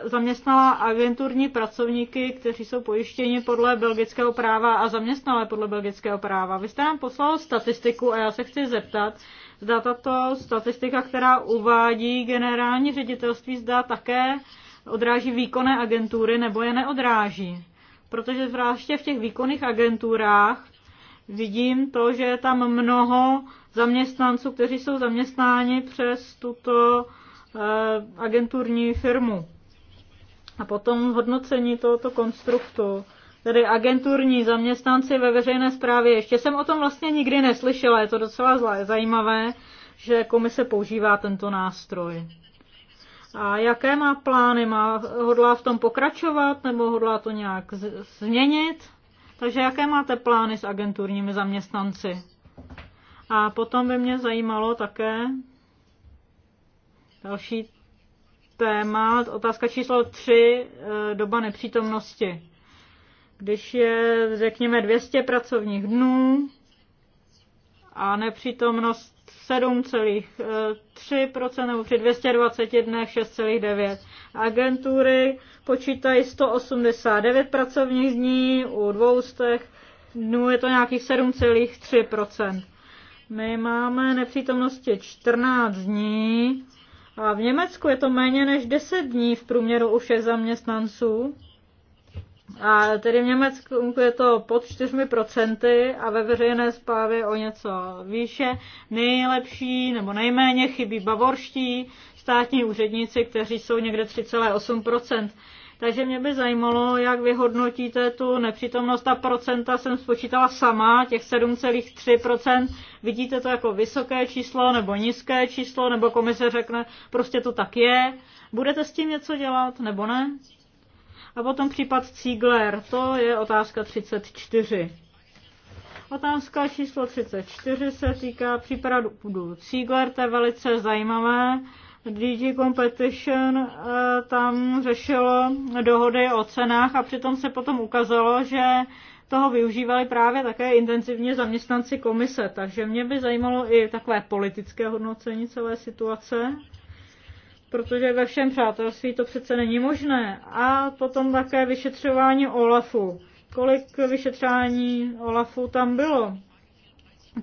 zaměstnala agenturní pracovníky, kteří jsou pojištěni podle belgického práva a zaměstnala podle belgického práva. Vy jste nám poslal statistiku a já se chci zeptat, zda tato statistika, která uvádí generální ředitelství, zda také odráží výkonné agentury nebo je neodráží. Protože zvláště v těch výkonných agenturách vidím to, že je tam mnoho zaměstnanců, kteří jsou zaměstnáni přes tuto eh, agenturní firmu. A potom hodnocení tohoto konstruktu. Tedy agenturní zaměstnanci ve veřejné správě. Ještě jsem o tom vlastně nikdy neslyšela. Je to docela zlé. zajímavé, že komise používá tento nástroj. A jaké má plány? Má, hodlá v tom pokračovat nebo hodlá to nějak změnit? Takže jaké máte plány s agenturními zaměstnanci? A potom by mě zajímalo také další téma, otázka číslo 3, eh, doba nepřítomnosti. Když je, řekněme, 200 pracovních dnů a nepřítomnost 7,3% eh, nebo při 220 dnech 6,9%, agentury počítají 189 pracovních dní, u 200 dnů no, je to nějakých 7,3 My máme nepřítomnosti 14 dní a v Německu je to méně než 10 dní v průměru u všech zaměstnanců. A tedy v Německu je to pod 4% a ve veřejné zprávě o něco výše. Nejlepší nebo nejméně chybí bavorští, státní úředníci, kteří jsou někde 3,8%. Takže mě by zajímalo, jak vyhodnotíte tu nepřítomnost. Ta procenta jsem spočítala sama, těch 7,3%. Vidíte to jako vysoké číslo nebo nízké číslo, nebo komise řekne, prostě to tak je. Budete s tím něco dělat, nebo ne? A potom případ Ziegler, to je otázka 34. Otázka číslo 34 se týká případu Ziegler, to je velice zajímavé DG Competition eh, tam řešilo dohody o cenách a přitom se potom ukázalo, že toho využívali právě také intenzivně zaměstnanci komise, takže mě by zajímalo i takové politické hodnocení celé situace, protože ve všem přátelství to přece není možné. A potom také vyšetřování OLAFu. Kolik vyšetřování OLAFu tam bylo?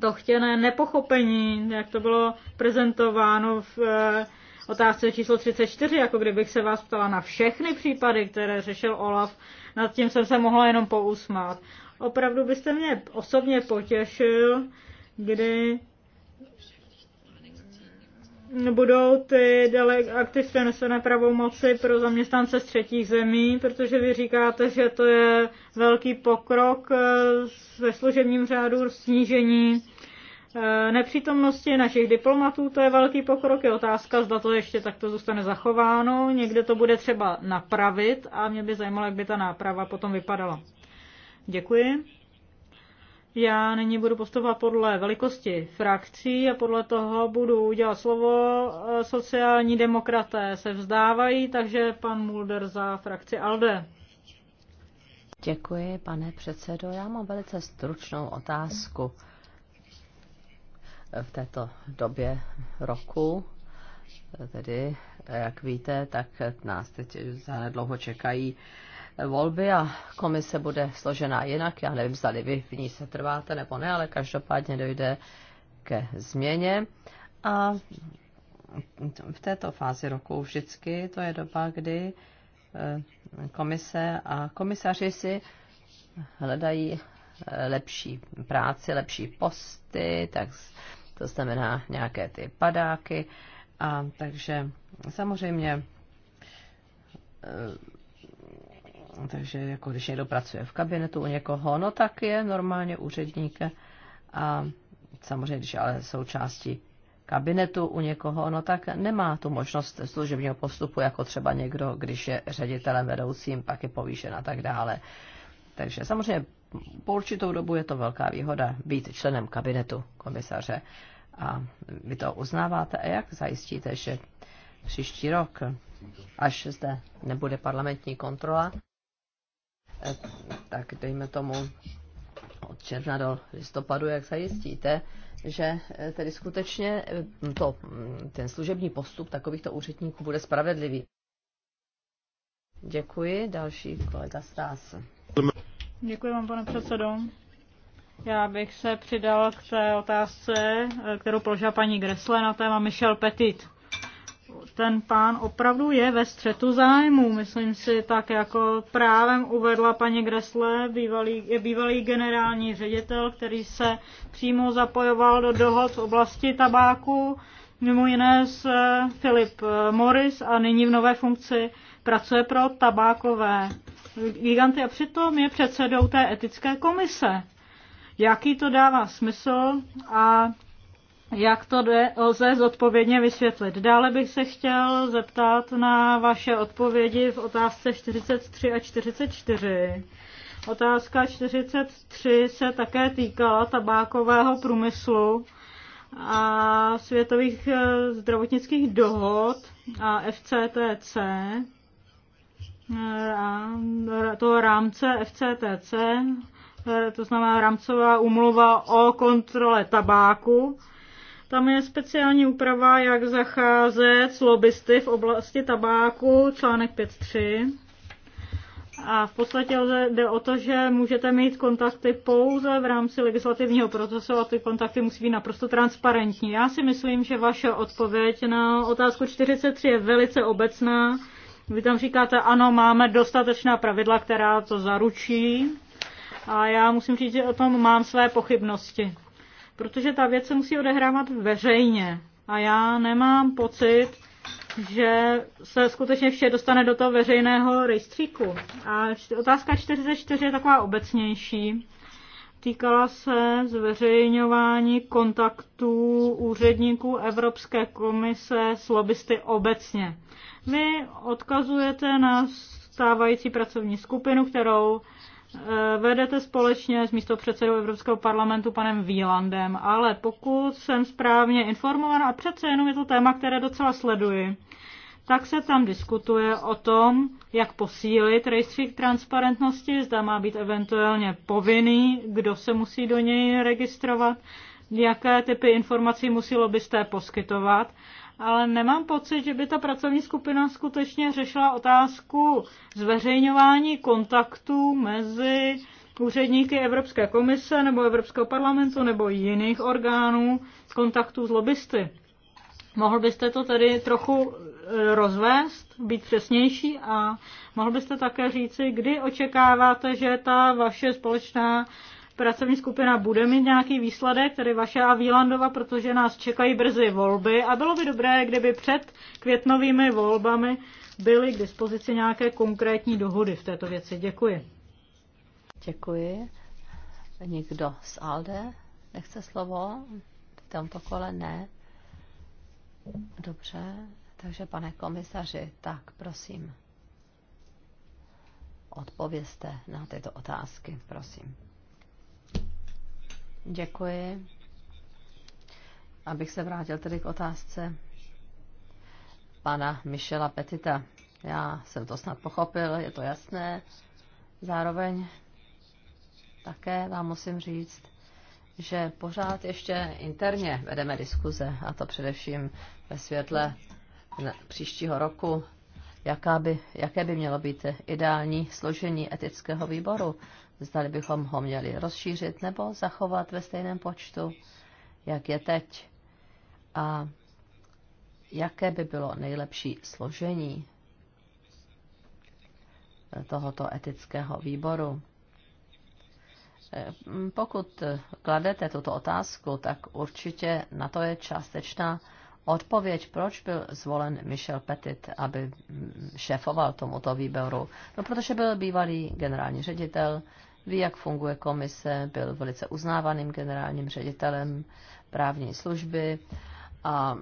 To chtěné nepochopení, jak to bylo prezentováno v eh, otázce číslo 34, jako kdybych se vás ptala na všechny případy, které řešil Olaf, nad tím jsem se mohla jenom pousmát. Opravdu byste mě osobně potěšil, kdy budou ty dele- akty v přenesené pravomoci pro zaměstnance z třetích zemí, protože vy říkáte, že to je velký pokrok ve eh, služebním řádu snížení Eh, nepřítomnosti našich diplomatů, to je velký pokrok. Je otázka, zda to ještě takto zůstane zachováno. Někde to bude třeba napravit a mě by zajímalo, jak by ta náprava potom vypadala. Děkuji. Já nyní budu postupovat podle velikosti frakcí a podle toho budu udělat slovo. Eh, sociální demokraté se vzdávají, takže pan Mulder za frakci ALDE. Děkuji, pane předsedo. Já mám velice stručnou otázku v této době roku. Tedy, jak víte, tak nás teď dlouho čekají volby a komise bude složená jinak. Já nevím, zda vy v ní se trváte nebo ne, ale každopádně dojde ke změně. A v této fázi roku vždycky to je doba, kdy eh, komise a komisaři si hledají eh, lepší práci, lepší posty, tak to znamená nějaké ty padáky. A takže samozřejmě eh, takže jako když někdo pracuje v kabinetu u někoho, no tak je normálně úředník a samozřejmě, když ale součástí kabinetu u někoho, no tak nemá tu možnost služebního postupu, jako třeba někdo, když je ředitelem vedoucím, pak je povýšen a tak dále. Takže samozřejmě po určitou dobu je to velká výhoda být členem kabinetu komisaře. A vy to uznáváte a jak zajistíte, že příští rok, až zde nebude parlamentní kontrola, eh, tak dejme tomu od června do listopadu, jak zajistíte, že eh, tedy skutečně eh, to, mm, ten služební postup takovýchto úředníků bude spravedlivý. Děkuji. Další kolega Stás. Děkuji vám, pane předsedo. Já bych se přidal k té otázce, eh, kterou položila paní Gresle na téma Michel Petit. Ten pán opravdu je ve střetu zájmu, myslím si, tak jako právem uvedla paní Gresle, bývalý, je bývalý generální ředitel, který se přímo zapojoval do dohod v oblasti tabáku, mimo jiné s eh, Philip eh, Morris a nyní v nové funkci pracuje pro tabákové giganty a přitom je předsedou té etické komise jaký to dává smysl a jak to lze zodpovědně vysvětlit. Dále bych se chtěl zeptat na vaše odpovědi v otázce 43 a 44. Otázka 43 se také týkala tabákového průmyslu a světových eh, zdravotnických dohod a FCTC, toho eh, rámce FCTC Eh, to znamená rámcová umluva o kontrole tabáku. Tam je speciální úprava, jak zacházet s lobbysty v oblasti tabáku, článek 5.3. A v podstatě jde o to, že můžete mít kontakty pouze v rámci legislativního procesu a ty kontakty musí být naprosto transparentní. Já si myslím, že vaše odpověď na otázku 43 je velice obecná. Vy tam říkáte, ano, máme dostatečná pravidla, která to zaručí, a já musím říct, že o tom mám své pochybnosti. Protože ta věc se musí odehrávat veřejně. A já nemám pocit, že se skutečně vše dostane do toho veřejného rejstříku. A otázka 44 je taková obecnější. Týkala se zveřejňování kontaktů úředníků Evropské komise s lobbysty obecně. Vy odkazujete na stávající pracovní skupinu, kterou Eh, vedete společně s místopředsedou Evropského parlamentu panem Výlandem, ale pokud jsem správně informovaná, a přece jenom je to téma, které docela sleduji, tak se tam diskutuje o tom, jak posílit rejstřík transparentnosti, zda má být eventuálně povinný, kdo se musí do něj registrovat, jaké typy informací musí lobbysté poskytovat ale nemám pocit, že by ta pracovní skupina skutečně řešila otázku zveřejňování kontaktů mezi úředníky Evropské komise nebo Evropského parlamentu nebo jiných orgánů kontaktů s lobbysty. Mohl byste to tedy trochu e, rozvést, být přesnější a mohl byste také říci, kdy očekáváte, že ta vaše společná pracovní skupina bude mít nějaký výsledek, tedy vaše a Výlandova, protože nás čekají brzy volby a bylo by dobré, kdyby před květnovými volbami byly k dispozici nějaké konkrétní dohody v této věci. Děkuji. Děkuji. Někdo z ALDE nechce slovo? V tomto kole ne. Dobře, takže pane komisaři, tak prosím, odpovězte na tyto otázky, prosím. Děkuji. Abych se vrátil tedy k otázce pana Michela Petita. Já jsem to snad pochopil, je to jasné. Zároveň také vám musím říct, že pořád ještě interně vedeme diskuze, a to především ve světle příštího roku, jaká by, jaké by mělo být ideální složení etického výboru zdali bychom ho měli rozšířit nebo zachovat ve stejném počtu, jak je teď. A jaké by bylo nejlepší složení tohoto etického výboru. Pokud kladete tuto otázku, tak určitě na to je částečná odpověď, proč byl zvolen Michel Petit, aby šéfoval tomuto výboru. No, protože byl bývalý generální ředitel, ví, jak funguje komise, byl velice uznávaným generálním ředitelem právní služby a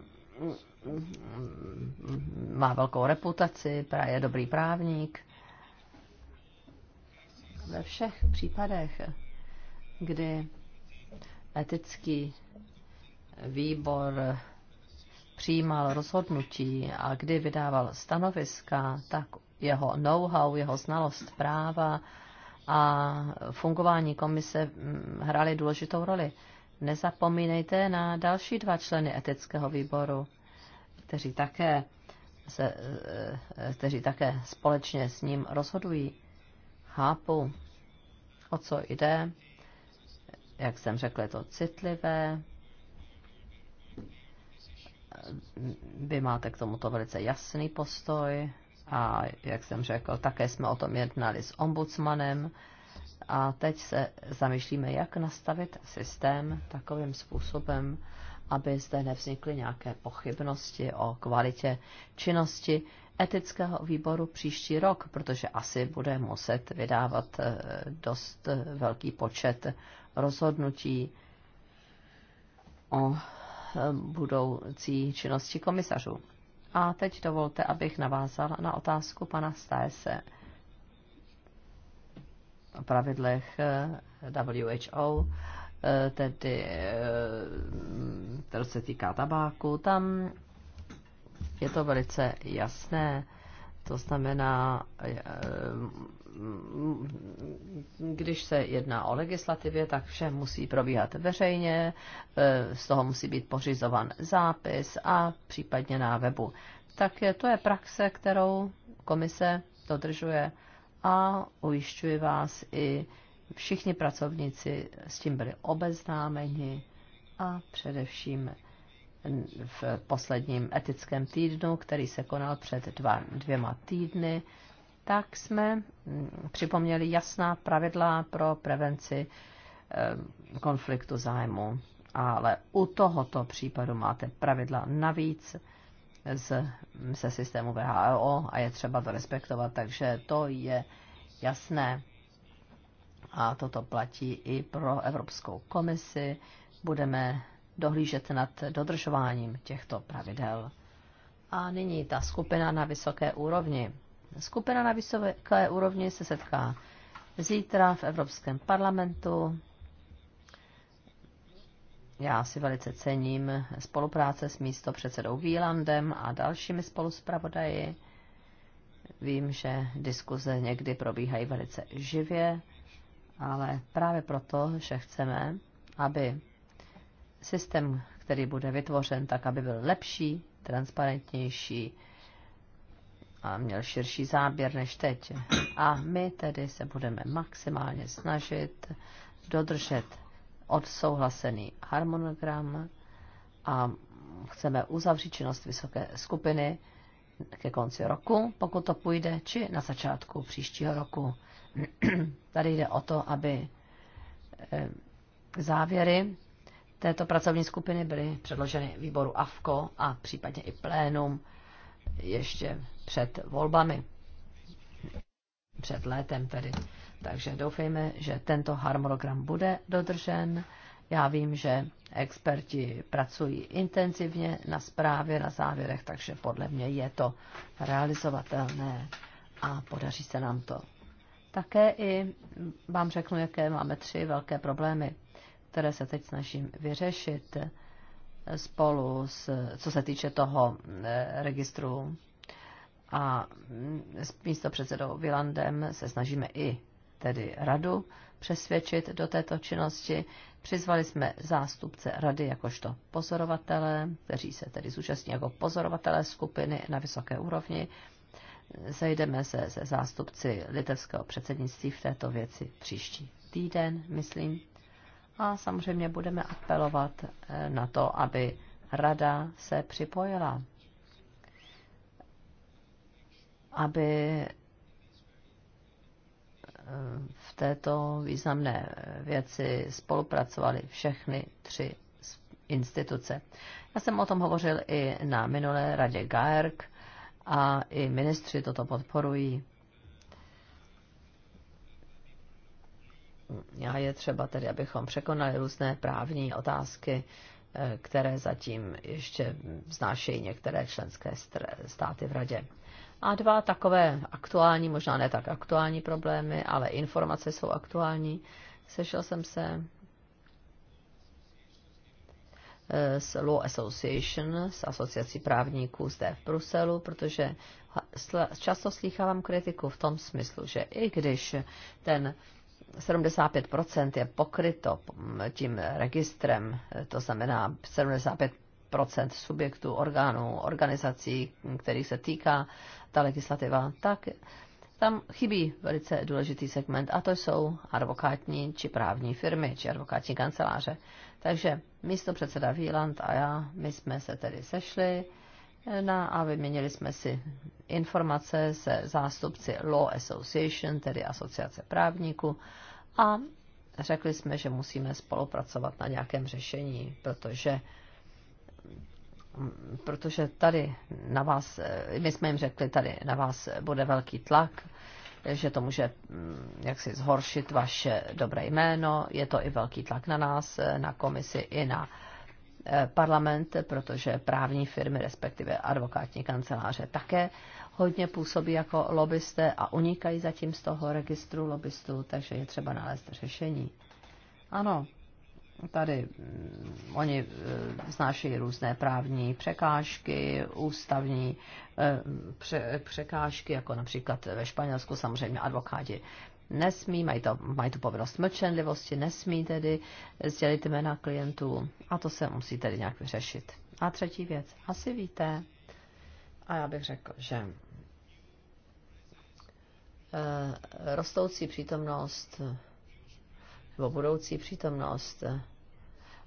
má velkou reputaci, je dobrý právník. Ve všech případech, kdy etický výbor přijímal rozhodnutí a kdy vydával stanoviska, tak jeho know-how, jeho znalost práva a fungování komise mm, hrály důležitou roli. Nezapomínejte na další dva členy etického výboru, kteří také, se, eh, kteří také společně s ním rozhodují. Chápu, o co jde. Jak jsem řekl, je to citlivé vy máte k tomuto velice jasný postoj a, jak jsem řekl, také jsme o tom jednali s ombudsmanem a teď se zamýšlíme, jak nastavit systém takovým způsobem, aby zde nevznikly nějaké pochybnosti o kvalitě činnosti etického výboru příští rok, protože asi bude muset vydávat eh, dost eh, velký počet rozhodnutí o budoucí činnosti komisařů. A teď dovolte, abych navázala na otázku pana Stajse o pravidlech eh, WHO, eh, tedy eh, které se týká tabáku. Tam je to velice jasné. To znamená, když se jedná o legislativě, tak vše musí probíhat veřejně, e, z toho musí být pořizovan zápis a případně na webu. Tak je, to je praxe, kterou komise dodržuje a ujišťuji vás i všichni pracovníci s tím byli obeznámeni a především v posledním etickém týdnu, který se konal před dva, dvěma týdny, tak jsme mm, připomněli jasná pravidla pro prevenci eh, konfliktu zájmu. Ale u tohoto případu máte pravidla navíc z, ze systému VHO a je třeba to respektovat, takže to je jasné. A toto platí i pro Evropskou komisi. Budeme dohlížet nad dodržováním těchto pravidel. A nyní ta skupina na vysoké úrovni Skupina na vysoké úrovni se setká zítra v Evropském parlamentu. Já si velice cením spolupráce s místo předsedou Výlandem a dalšími spoluspravodají. Vím, že diskuze někdy probíhají velice živě, ale právě proto, že chceme, aby systém, který bude vytvořen, tak aby byl lepší, transparentnější, a měl širší záběr než teď. A my tedy se budeme maximálně snažit dodržet odsouhlasený harmonogram a chceme uzavřít činnost vysoké skupiny ke konci roku, pokud to půjde, či na začátku příštího roku. Tady jde o to, aby eh, závěry této pracovní skupiny byly předloženy výboru AFKO a případně i plénum ještě před volbami, před létem tedy. Takže doufejme, že tento harmonogram bude dodržen. Já vím, že experti pracují intenzivně na zprávě, na závěrech, takže podle mě je to realizovatelné a podaří se nám to. Také i vám řeknu, jaké máme tři velké problémy, které se teď snažím vyřešit spolu, s, co se týče toho eh, registru. A mm, s místo předsedou Vilandem se snažíme i tedy radu přesvědčit do této činnosti. Přizvali jsme zástupce rady jakožto pozorovatele, kteří se tedy zúčastní jako pozorovatele skupiny na vysoké úrovni. Sejdeme se se zástupci litevského předsednictví v této věci příští týden, myslím a samozřejmě budeme apelovat eh, na to, aby rada se připojila, aby eh, v této významné eh, věci spolupracovali všechny tři instituce. Já jsem o tom hovořil i na minulé radě GAERK a i ministři toto podporují. a je třeba tedy, abychom překonali různé právní otázky, eh, které zatím ještě znášejí některé členské státy v radě. A dva takové aktuální, možná ne tak aktuální problémy, ale informace jsou aktuální. Sešel jsem se eh, s Law Association, s asociací právníků zde v Bruselu, protože často slýchávám kritiku v tom smyslu, že i když ten 75 je pokryto tím registrem, to znamená 75 subjektů, orgánů, organizací, kterých se týká ta legislativa, tak tam chybí velice důležitý segment a to jsou advokátní či právní firmy či advokátní kanceláře. Takže místo předseda Výland a já, my jsme se tedy sešli na, a vyměnili jsme si informace se zástupci Law Association, tedy asociace právníků, a řekli jsme, že musíme spolupracovat na nějakém řešení, protože protože tady na vás, my jsme jim řekli, tady na vás bude velký tlak, že to může mm, jaksi zhoršit vaše dobré jméno, je to i velký tlak na nás, na komisi i na Eh, parlament, protože právní firmy, respektive advokátní kanceláře také hodně působí jako lobbysté a unikají zatím z toho registru lobbystů, takže je třeba nalézt řešení. Ano, tady mm, oni eh, znáší různé právní překážky, ústavní eh, pře- překážky, jako například ve Španělsku samozřejmě advokáti nesmí, mají, to, mají tu povinnost mlčenlivosti, nesmí tedy sdělit jména klientů a to se musí tedy nějak vyřešit. A třetí věc, asi víte, a já bych řekl, že eh, rostoucí přítomnost nebo budoucí přítomnost eh,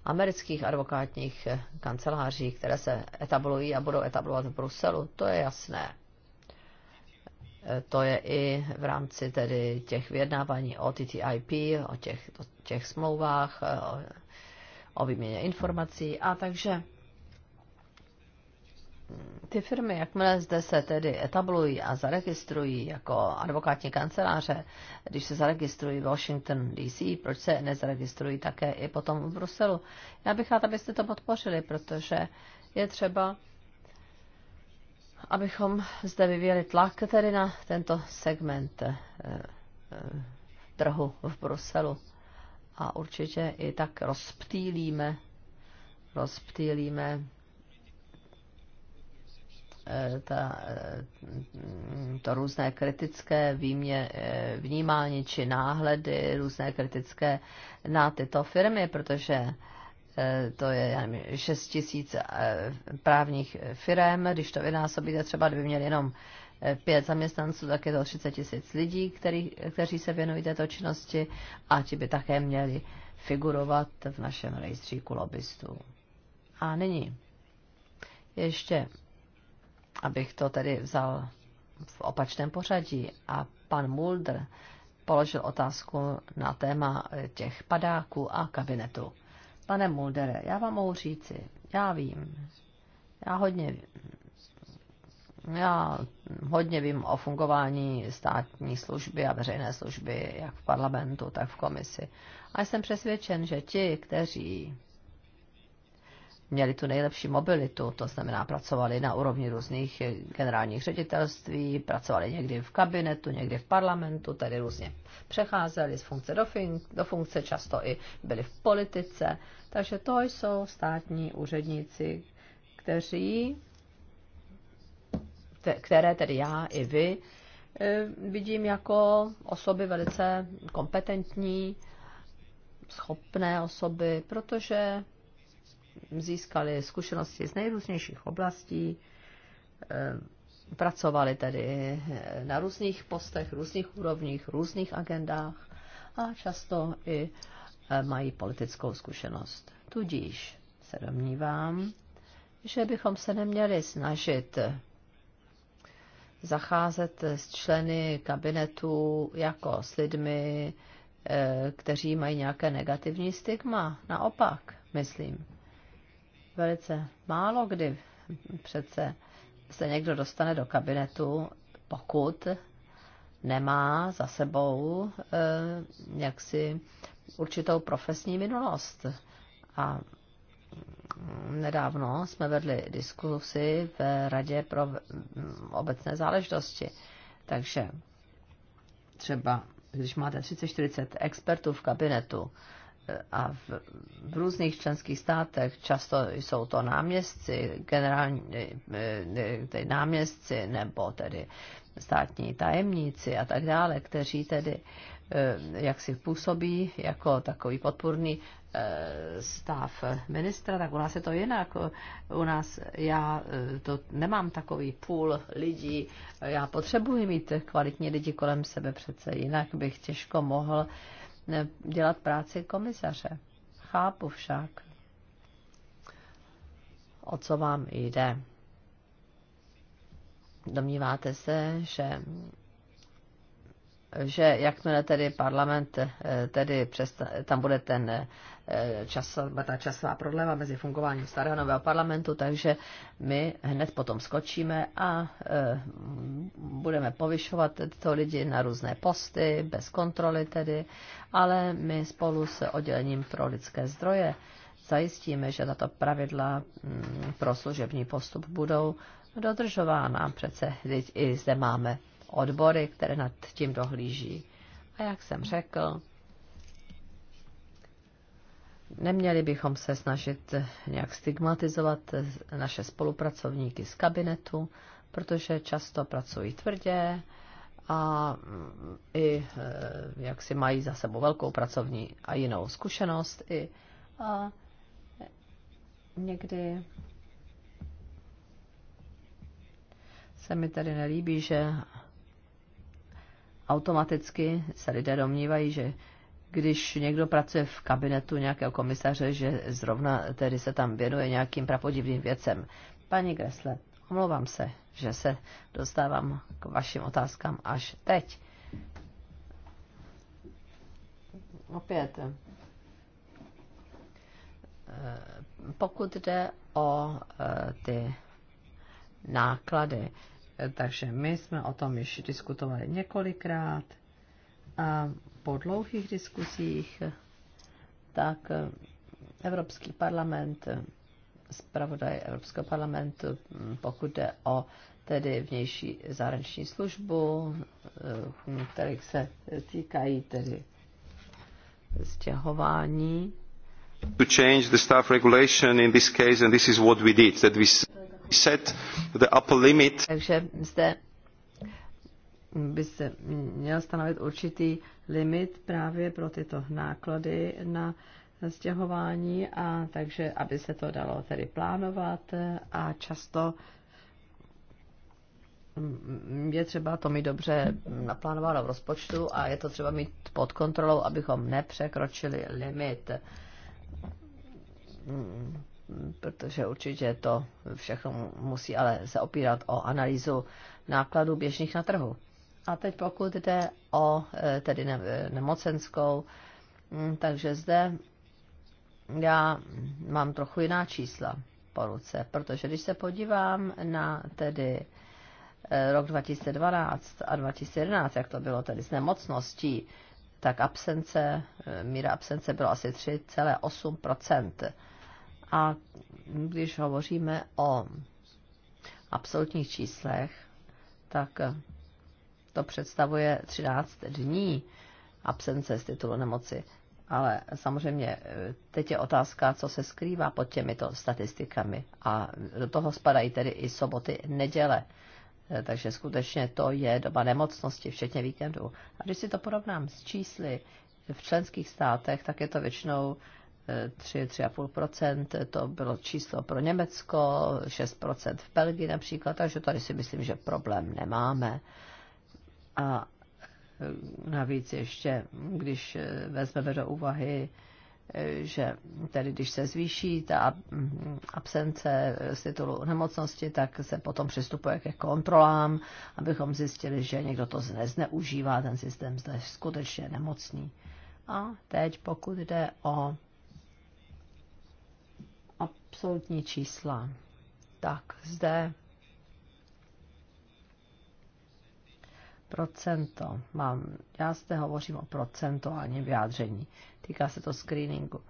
amerických advokátních eh, kanceláří, které se etablují a budou etablovat v Bruselu, to je jasné to je i v rámci tedy těch vyjednávání o TTIP, o těch, o těch smlouvách, o, o výměně informací. A takže ty firmy, jakmile zde se tedy etablují a zaregistrují jako advokátní kanceláře, když se zaregistrují v Washington DC, proč se nezaregistrují také i potom v Bruselu? Já bych rád, abyste to podpořili, protože je třeba abychom zde vyvíjeli tlak tedy na tento segment eh, eh, trhu v Bruselu. A určitě i tak rozptýlíme, rozptýlíme eh, ta, to různé kritické výmě, vnímání či náhledy, různé kritické na tyto firmy, protože Eh, to je já nevím, 6 tisíc eh, právních firm, když to vynásobíte, třeba kdyby měli jenom eh, pět zaměstnanců, tak je to 30 tisíc lidí, který, kteří se věnují této činnosti a ti by také měli figurovat v našem rejstříku lobbystů. A nyní ještě, abych to tedy vzal v opačném pořadí a pan Mulder položil otázku na téma těch padáků a kabinetu. Pane Muldere, já vám mohu říci, já vím, já hodně já hodně vím o fungování státní služby a veřejné služby, jak v parlamentu, tak v komisi. A jsem přesvědčen, že ti, kteří měli tu nejlepší mobilitu, to znamená pracovali na úrovni různých eh, generálních ředitelství, pracovali někdy v kabinetu, někdy v parlamentu, tady různě přecházeli z funkce do, fun- do funkce, často i byli v politice. Takže to jsou státní úředníci, kteří, které tedy já i vy eh, vidím jako osoby velice kompetentní, schopné osoby, protože získali zkušenosti z nejrůznějších oblastí, eh, pracovali tedy eh, na různých postech, různých úrovních, různých agendách a často i eh, mají politickou zkušenost. Tudíž se domnívám, že bychom se neměli snažit zacházet s členy kabinetu jako s lidmi, kteří mají nějaké negativní stigma. Naopak, myslím. Velice málo kdy přece se někdo dostane do kabinetu, pokud nemá za sebou eh, jaksi určitou profesní minulost. A nedávno jsme vedli diskusy v Radě pro mm, obecné záležitosti. Takže třeba, když máte 30-40 expertů v kabinetu, eh, a v, v různých členských státech často jsou to náměstci, generální eh, eh, tedy náměstci nebo tedy státní tajemníci a tak dále, kteří tedy eh, jak si působí jako takový podpůrný stav ministra, tak u nás je to jinak. U nás já to nemám takový půl lidí. Já potřebuji mít kvalitní lidi kolem sebe přece, jinak bych těžko mohl uh, dělat práci komisaře. Chápu však, o co vám jde. Domníváte se, že že jakmile tedy parlament, eh, tedy přesta, tam bude ten eh, čas, ta časová prodleva mezi fungováním starého nového parlamentu, takže my hned potom skočíme a eh, budeme povyšovat tyto lidi na různé posty, bez kontroly tedy, ale my spolu s oddělením pro lidské zdroje zajistíme, že tato pravidla mm, pro služební postup budou dodržována. Přece i zde máme odbory, které nad tím dohlíží. A jak jsem řekl, neměli bychom se snažit nějak stigmatizovat naše spolupracovníky z kabinetu, protože často pracují tvrdě a i eh, jak si mají za sebou velkou pracovní a jinou zkušenost i a někdy se mi tady nelíbí, že automaticky se lidé domnívají, že když někdo pracuje v kabinetu nějakého komisaře, že zrovna tedy se tam věnuje nějakým prapodivným věcem. Paní Gresle, omlouvám se, že se dostávám k vašim otázkám až teď. Opět, eh, pokud jde o eh, ty náklady, takže my jsme o tom již diskutovali několikrát a po dlouhých diskusích tak Evropský parlament, zpravodaj Evropského parlamentu, pokud jde o tedy vnější zahraniční službu, kterých se týkají tedy stěhování. To change the staff regulation in this case and this is what we did that we set the upper limit. Takže zde by se měl stanovit určitý limit právě pro tyto náklady na stěhování a takže, aby se to dalo tedy plánovat a často je třeba to mít dobře naplánováno v rozpočtu a je to třeba mít pod kontrolou, abychom nepřekročili limit protože určitě to všechno musí ale se opírat o analýzu nákladů běžných na trhu. A teď pokud jde o e, tedy ne, nemocenskou, mm, takže zde já mám trochu jiná čísla po ruce, protože když se podívám na tedy e, rok 2012 a 2011, jak to bylo tedy s nemocností, tak absence, e, míra absence byla asi 3,8 a když hovoříme o absolutních číslech, tak to představuje 13 dní absence z titulu nemoci. Ale samozřejmě eh, teď je otázka, co se skrývá pod těmito statistikami. A do toho spadají tedy i soboty, neděle. Eh, takže skutečně to je doba nemocnosti, včetně víkendů. A když si to porovnám s čísly v členských státech, tak je to většinou 3-3,5%, to bylo číslo pro Německo, 6% v Belgii například, takže tady si myslím, že problém nemáme. A e, navíc ještě, když e, vezmeme do úvahy, e, že tedy když se zvýší ta absence z titulu nemocnosti, tak se potom přistupuje ke kontrolám, abychom zjistili, že někdo to nezneužívá, ten systém zde skutečně nemocný. A teď pokud jde o absolutní čísla, tak zde procento, mám, já zde hovořím o procentuálně vyjádření, týká se to screeningu.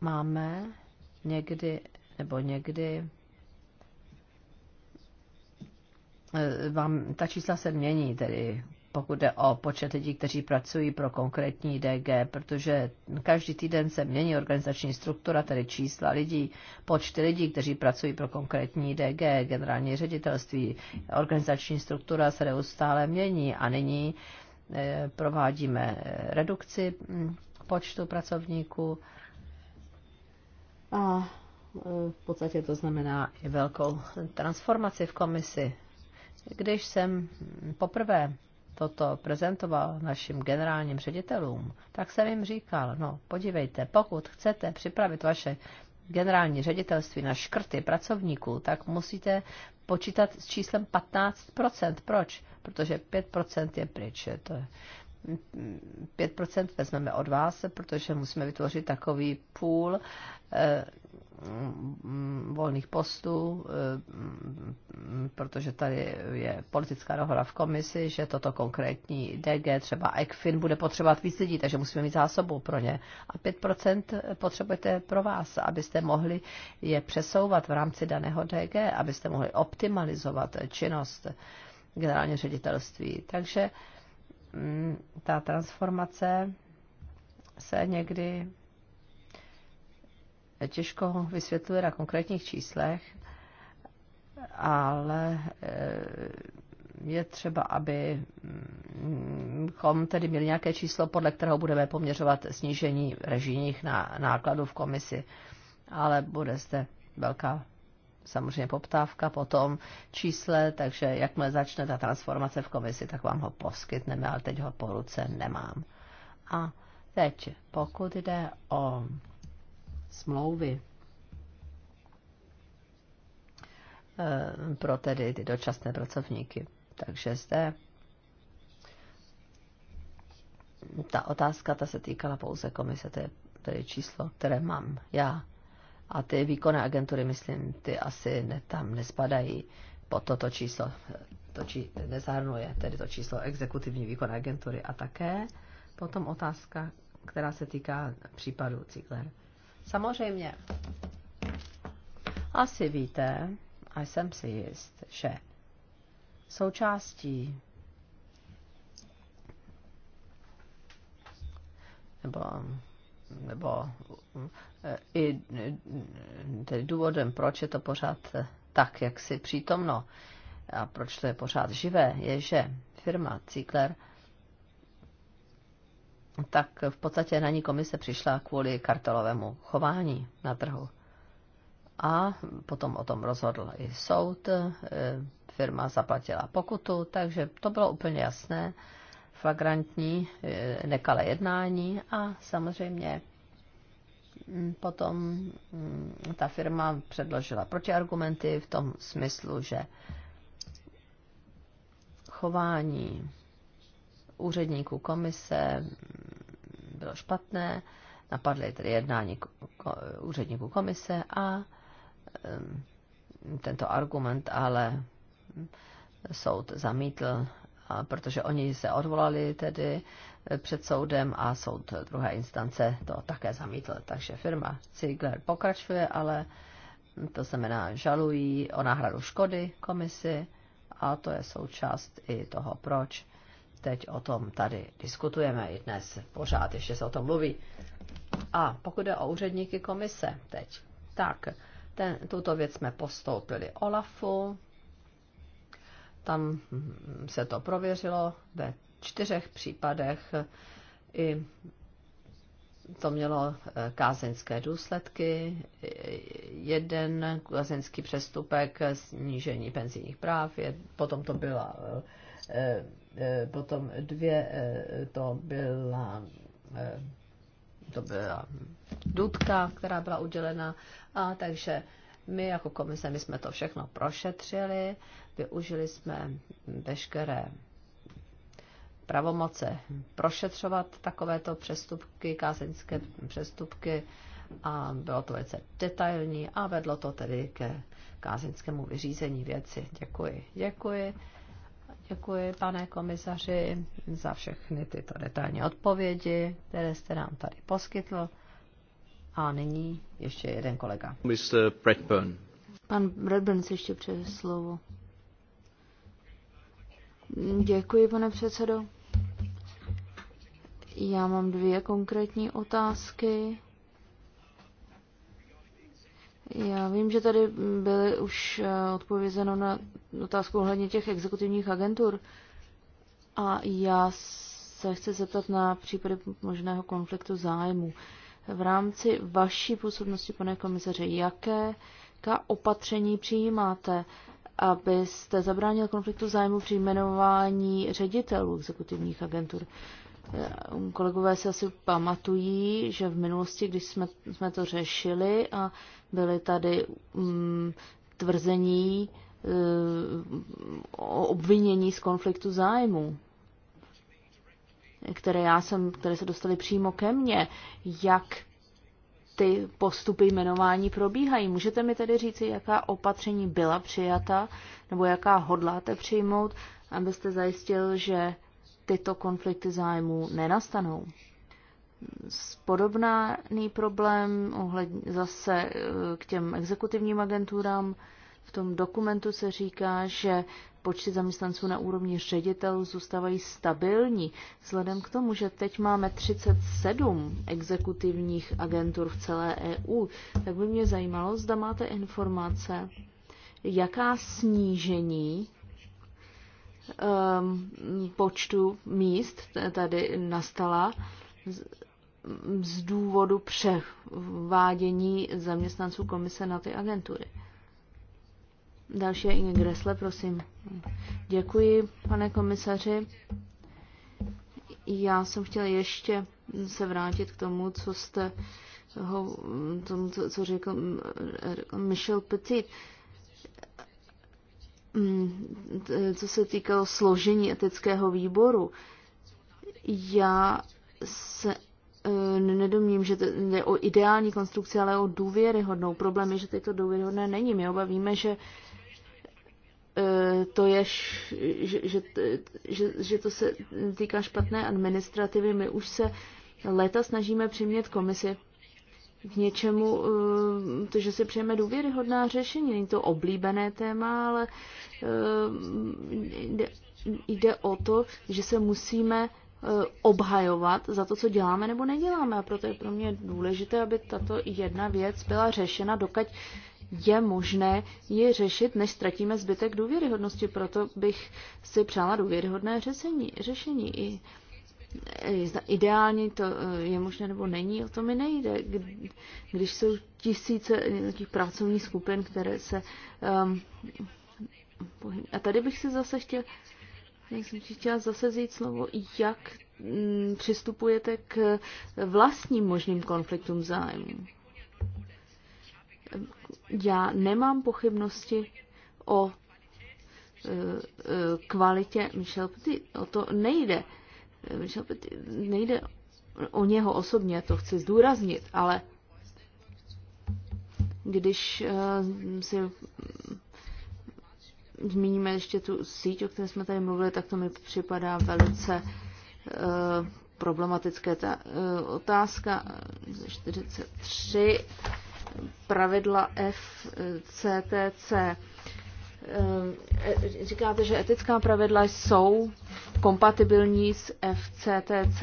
Máme někdy, nebo někdy, eh, vám, ta čísla se mění, tedy pokud jde o počet lidí, kteří pracují pro konkrétní DG, protože každý týden se mění organizační struktura, tedy čísla lidí, počty lidí, kteří pracují pro konkrétní DG, generální ředitelství, organizační struktura se neustále mění a nyní eh, provádíme eh, redukci hm, počtu pracovníků a eh, v podstatě to znamená i velkou transformaci v komisi. Když jsem hm, poprvé toto prezentoval našim generálním ředitelům, tak jsem jim říkal, no podívejte, pokud chcete připravit vaše generální ředitelství na škrty pracovníků, tak musíte počítat s číslem 15%. Proč? Protože 5% je pryč. To je 5% vezmeme od vás, protože musíme vytvořit takový půl eh, Mm, volných postů, mm, protože tady je politická dohoda v komisi, že toto konkrétní DG, třeba ECFIN, bude potřebovat víc lidí, takže musíme mít zásobu pro ně. A 5% potřebujete pro vás, abyste mohli je přesouvat v rámci daného DG, abyste mohli optimalizovat činnost generálního ředitelství. Takže mm, ta transformace se někdy těžko vysvětluje na konkrétních číslech, ale eh, je třeba, abychom mm, tedy měli nějaké číslo, podle kterého budeme poměřovat snížení režijních nákladů v komisi. Ale bude zde velká samozřejmě poptávka potom čísle, takže jakmile začne ta transformace v komisi, tak vám ho poskytneme, ale teď ho po ruce nemám. A teď, pokud jde o smlouvy e, pro tedy ty dočasné pracovníky. Takže zde ta otázka, ta se týkala pouze komise, to je tedy číslo, které mám já. A ty výkonné agentury, myslím, ty asi ne, tam nespadají po toto číslo. To či, nezahrnuje tedy to číslo exekutivní výkonné agentury. A také potom otázka, která se týká případu Cigler. Samozřejmě. Asi víte, a jsem si jist, že součástí nebo, nebo e, i e, tedy důvodem, proč je to pořád tak, jak si přítomno a proč to je pořád živé, je, že firma Cíkler tak v podstatě na ní komise přišla kvůli kartelovému chování na trhu. A potom o tom rozhodl i soud, e, firma zaplatila pokutu, takže to bylo úplně jasné, flagrantní, e, nekalé jednání a samozřejmě mm, potom mm, ta firma předložila protiargumenty v tom smyslu, že chování úředníků komise mm, bylo špatné, napadly tedy jednání úředníků komise a mm, tento argument ale soud zamítl, protože oni se odvolali tedy před soudem a soud druhé instance to také zamítl. Takže firma Ziegler pokračuje, ale to znamená žalují o náhradu škody komisi a to je součást i toho, proč teď o tom tady diskutujeme i dnes, pořád ještě se o tom mluví. A pokud jde o úředníky komise teď, tak ten, tuto věc jsme postoupili Olafu, tam hm, se to prověřilo ve čtyřech případech i to mělo eh, kázeňské důsledky. Jeden kázeňský přestupek snížení penzijních práv, je, potom to byla eh, Eh, potom dvě, eh, to byla eh, to byla dudka která byla udělena. A takže my jako komise, my jsme to všechno prošetřili, využili jsme veškeré pravomoce prošetřovat takovéto přestupky, kázeňské přestupky a bylo to velice detailní a vedlo to tedy ke kázeňskému vyřízení věci. Děkuji. Děkuji. Děkuji, pane komisaři, za všechny tyto detailní odpovědi, které jste nám tady poskytl. A nyní ještě jeden kolega. Mr. Redburn. Pan Redburn si ještě přeje slovo. Děkuji, pane předsedo. Já mám dvě konkrétní otázky. Já vím, že tady byly už eh, odpovězeno na otázku ohledně těch exekutivních agentur a já se chci zeptat na případy možného konfliktu zájmu. V rámci vaší působnosti, pane komisaře, jaké opatření přijímáte, abyste zabránil konfliktu zájmu při jmenování ředitelů exekutivních agentur? Kolegové si asi pamatují, že v minulosti, když jsme, jsme to řešili a byly tady mm, tvrzení eh, o obvinění z konfliktu zájmu, které, já jsem, které se dostaly přímo ke mně, jak ty postupy jmenování probíhají. Můžete mi tedy říci, jaká opatření byla přijata nebo jaká hodláte přijmout, abyste zajistil, že tyto konflikty zájmů nenastanou. Podobný problém ohledně zase e, k těm exekutivním agenturám. V tom dokumentu se říká, že počty zaměstnanců na úrovni ředitelů zůstávají stabilní. Vzhledem k tomu, že teď máme 37 exekutivních agentur v celé EU, tak by mě zajímalo, zda máte informace, jaká snížení Um, počtu míst tady nastala z důvodu převádění zaměstnanců komise na ty agentury. Další je Inge Gressle, prosím. Děkuji, pane komisaři. Já jsem chtěla ještě se vrátit k tomu, co jste ho, tomu, co, co řekl Michel Petit. Mm, co se týkalo složení etického výboru, já se e, nedomním, že to je o ideální konstrukci, ale o důvěryhodnou. Problém je, že teď to důvěryhodné není. My oba víme, že e, to je, že, že, že, že to se týká špatné administrativy. My už se leta snažíme přimět komisi k něčemu, eh, to, že si přejeme důvěryhodná řešení. Není to oblíbené téma, ale eh, jde o to, že se musíme eh, obhajovat za to, co děláme nebo neděláme. A proto je pro mě důležité, aby tato jedna věc byla řešena, dokud je možné ji řešit, než ztratíme zbytek důvěryhodnosti. Proto bych si přála důvěryhodné řešení. řešení. I ideální to eh, je možné nebo není, o to mi nejde. Když jsou tisíce těch pracovních skupin, které se... Um, a tady bych si zase chtěl, jsem chtěla zase vzít slovo, jak mm, přistupujete k vlastním možným konfliktům zájmu. Já nemám pochybnosti o eh, eh, kvalitě Michel Petit. O to nejde. Eh, nejde o něho osobně, to chci zdůraznit, ale když eh, si zmíníme ještě tu síť, o které jsme tady mluvili, tak to mi připadá velice eh, problematické. Ta otázka 43, pravidla FCTC Eh, eh, říkáte, že etická pravidla jsou kompatibilní s FCTC,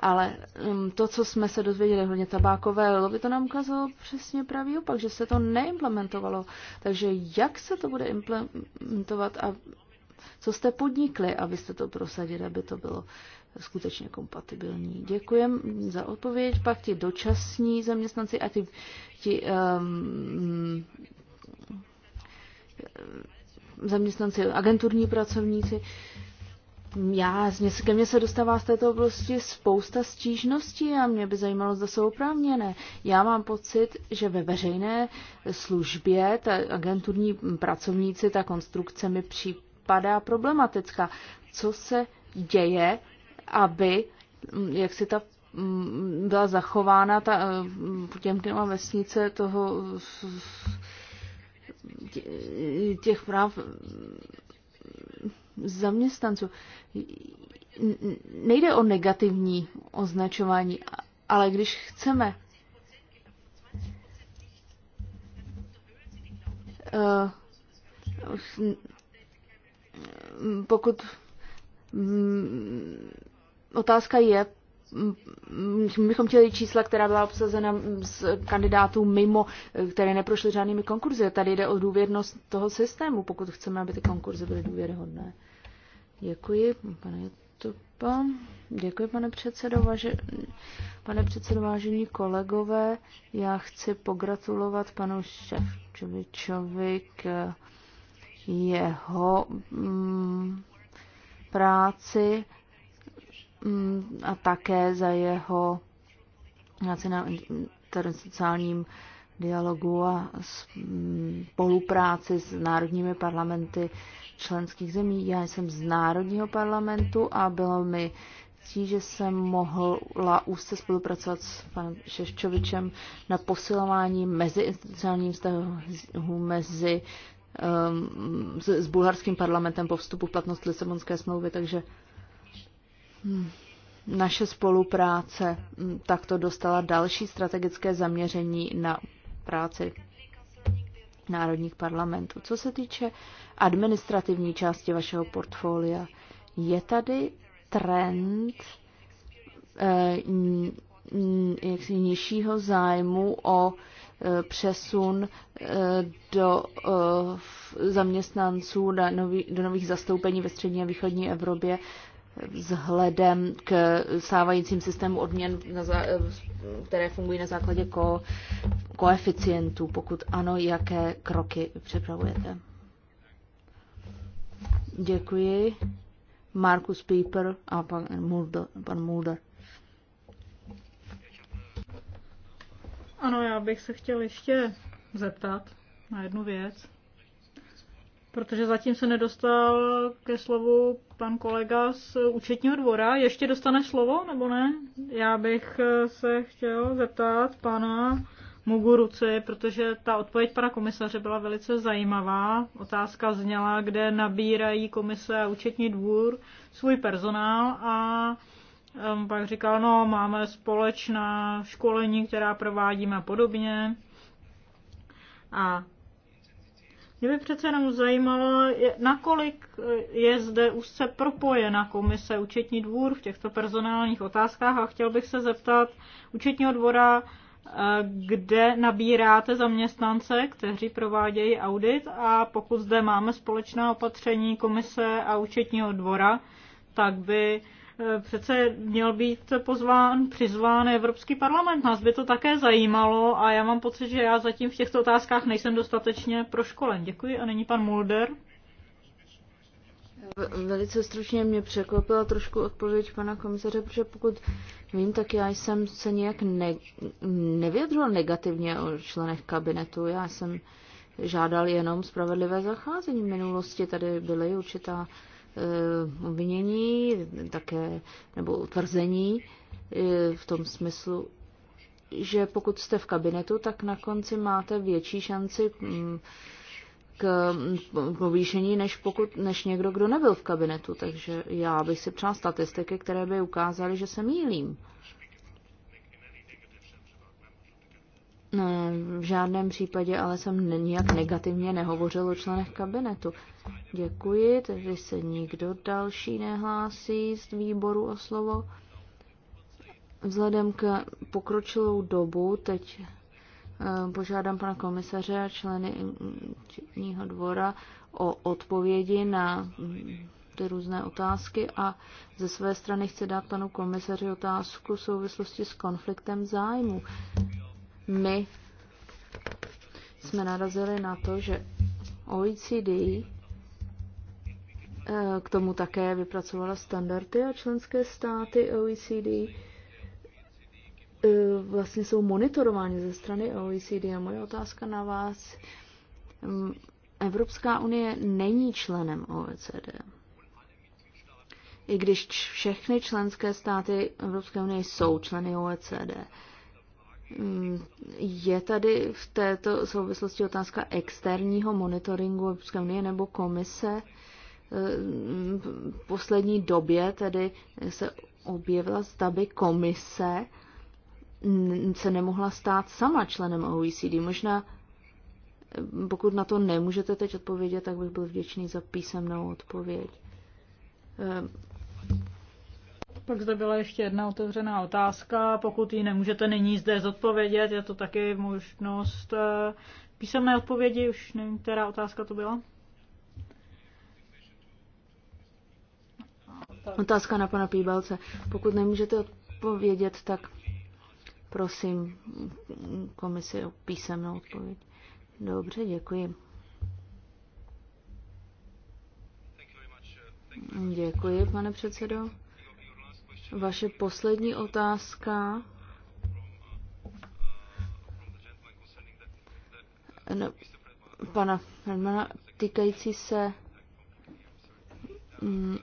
ale mm, to, co jsme se dozvěděli hodně tabákové lobby, to nám ukázalo přesně pravý opak, že se to neimplementovalo. Takže jak se to bude implementovat a co jste podnikli, abyste to prosadili, aby to bylo skutečně kompatibilní. Děkujem za odpověď. Pak ti dočasní zaměstnanci a ti, ti um, Eh, zaměstnanci, agenturní pracovníci. Já, ke mně se dostává z této oblasti spousta stížností a mě by zajímalo, zda jsou oprávněné. Já mám pocit, že ve veřejné službě ta agenturní pracovníci, ta konstrukce mi připadá problematická. Co se děje, aby mm, jak si ta mm, byla zachována ta, eh, mm, těm, kdo vesnice toho těch práv zaměstnanců. Nejde o negativní označování, ale když chceme eh, pokud mm, otázka je, bychom chtěli čísla, která byla obsazena z kandidátů mimo, eh, které neprošly žádnými konkurzy. Tady jde o důvěrnost toho systému, pokud chceme, aby ty konkurzy byly důvěryhodné. Děkuji, pane Tupa. Děkuji, pane předsedo, váže... pane předsedo, vážení kolegové. Já chci pogratulovat panu Ševčovičovi k jeho mm, práci Mm, a také za jeho práci dialogu a mm, spolupráci s národními parlamenty členských zemí. Já jsem z Národního parlamentu a bylo mi ctí, že jsem mohla úzce spolupracovat s panem Šeščovičem na posilování meziinstitucionálním vztahu mezi um, s, s bulharským parlamentem po vstupu v platnost Lisabonské smlouvy, takže naše spolupráce mm, takto dostala další strategické zaměření na práci národních parlamentů. Co se týče administrativní části vašeho portfolia, je tady trend eh, jaksi nižšího zájmu o eh, přesun eh, do zaměstnanců do nových zastoupení ve střední a východní Evropě vzhledem k stávajícím systému odměn, které fungují na základě ko, koeficientů? Pokud ano, jaké kroky připravujete? Děkuji. Markus Pieper a pan Mulder. Pan Mulder. Ano, já bych se chtěl ještě zeptat na jednu věc protože zatím se nedostal ke slovu pan kolega z účetního dvora. Ještě dostane slovo, nebo ne? Já bych eh, se chtěl zeptat pana Muguruci, protože ta odpověď pana komisaře byla velice zajímavá. Otázka zněla, kde nabírají komise a účetní dvůr svůj personál a um, pak říkal, no máme společná školení, která provádíme a podobně. A mě by přece jenom zajímalo, nakolik eh, je zde úzce propojena komise účetní dvůr v těchto personálních otázkách a chtěl bych se zeptat účetního dvora, eh, kde nabíráte zaměstnance, kteří provádějí audit a pokud zde máme společná opatření komise a účetního dvora, tak by přece měl být pozván, přizván Evropský parlament. Nás by to také zajímalo a já mám pocit, že já zatím v těchto otázkách nejsem dostatečně proškolen. Děkuji a není pan Mulder. Velice stručně mě překvapila trošku odpověď pana komisaře, protože pokud vím, tak já jsem se nějak ne, nevyjadřoval negativně o členech kabinetu. Já jsem žádal jenom spravedlivé zacházení. V minulosti tady byly určitá uh, Eh, obvinění, také, nebo utvrzení eh, v tom smyslu, že pokud jste v kabinetu, tak na konci máte větší šanci mm, mm, k povýšení, než, pokud, než někdo, kdo nebyl v kabinetu. Takže já bych si přál statistiky, které by ukázaly, že se mýlím. No, v žádném případě ale jsem nijak negativně nehovořil o členech kabinetu. Děkuji, tedy se nikdo další nehlásí z výboru o slovo. Vzhledem k pokročilou dobu, teď eh, požádám pana komisaře a členy Četního dvora o odpovědi na mm, ty různé otázky a ze své strany chci dát panu komisaři otázku v souvislosti s konfliktem zájmu. My jsme narazili na to, že OECD eh, k tomu také vypracovala standardy a členské státy OECD eh, vlastně jsou monitorovány ze strany OECD. A moje otázka na vás. Mm, Evropská unie není členem OECD. I když všechny členské státy Evropské unie jsou členy OECD. Mm, je tady v této souvislosti otázka externího monitoringu Evropské unie nebo komise? Eh, v poslední době tedy se objevila, zda by komise se nemohla stát sama členem OECD. Možná, eh, pokud na to nemůžete teď odpovědět, tak bych byl vděčný za písemnou odpověď. Eh, pak zde byla ještě jedna otevřená otázka. Pokud ji nemůžete nyní zde zodpovědět, je to taky možnost eh, písemné odpovědi. Už nevím, která otázka to byla. Otázka na pana Píbalce. Pokud nemůžete odpovědět, tak prosím komisi o písemnou odpověď. Dobře, děkuji. Děkuji, pane předsedo. Vaše poslední otázka. No, pana Hermana týkající se mm,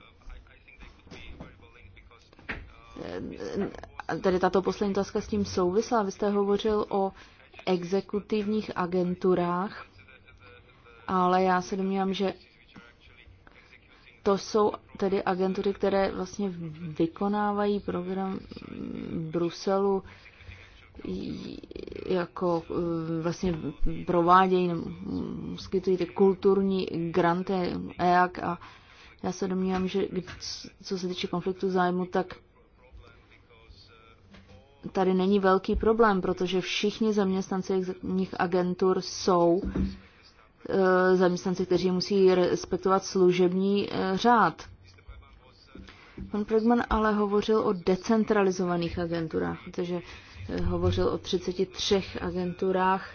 e, tedy tato poslední otázka s tím souvisla. Vy jste hovořil o exekutivních agenturách, ale já se domnívám, že to jsou tedy agentury, které vlastně vykonávají program Bruselu jako eh, vlastně provádějí, skytují ty kulturní granty EAC a já se domnívám, že co se týče konfliktu zájmu, tak tady není velký problém, protože všichni zaměstnanci nich agentur jsou Eh, zaměstnanci, kteří musí respektovat služební eh, řád. Pan Pregman ale hovořil o decentralizovaných agenturách, protože eh, hovořil o 33 agenturách.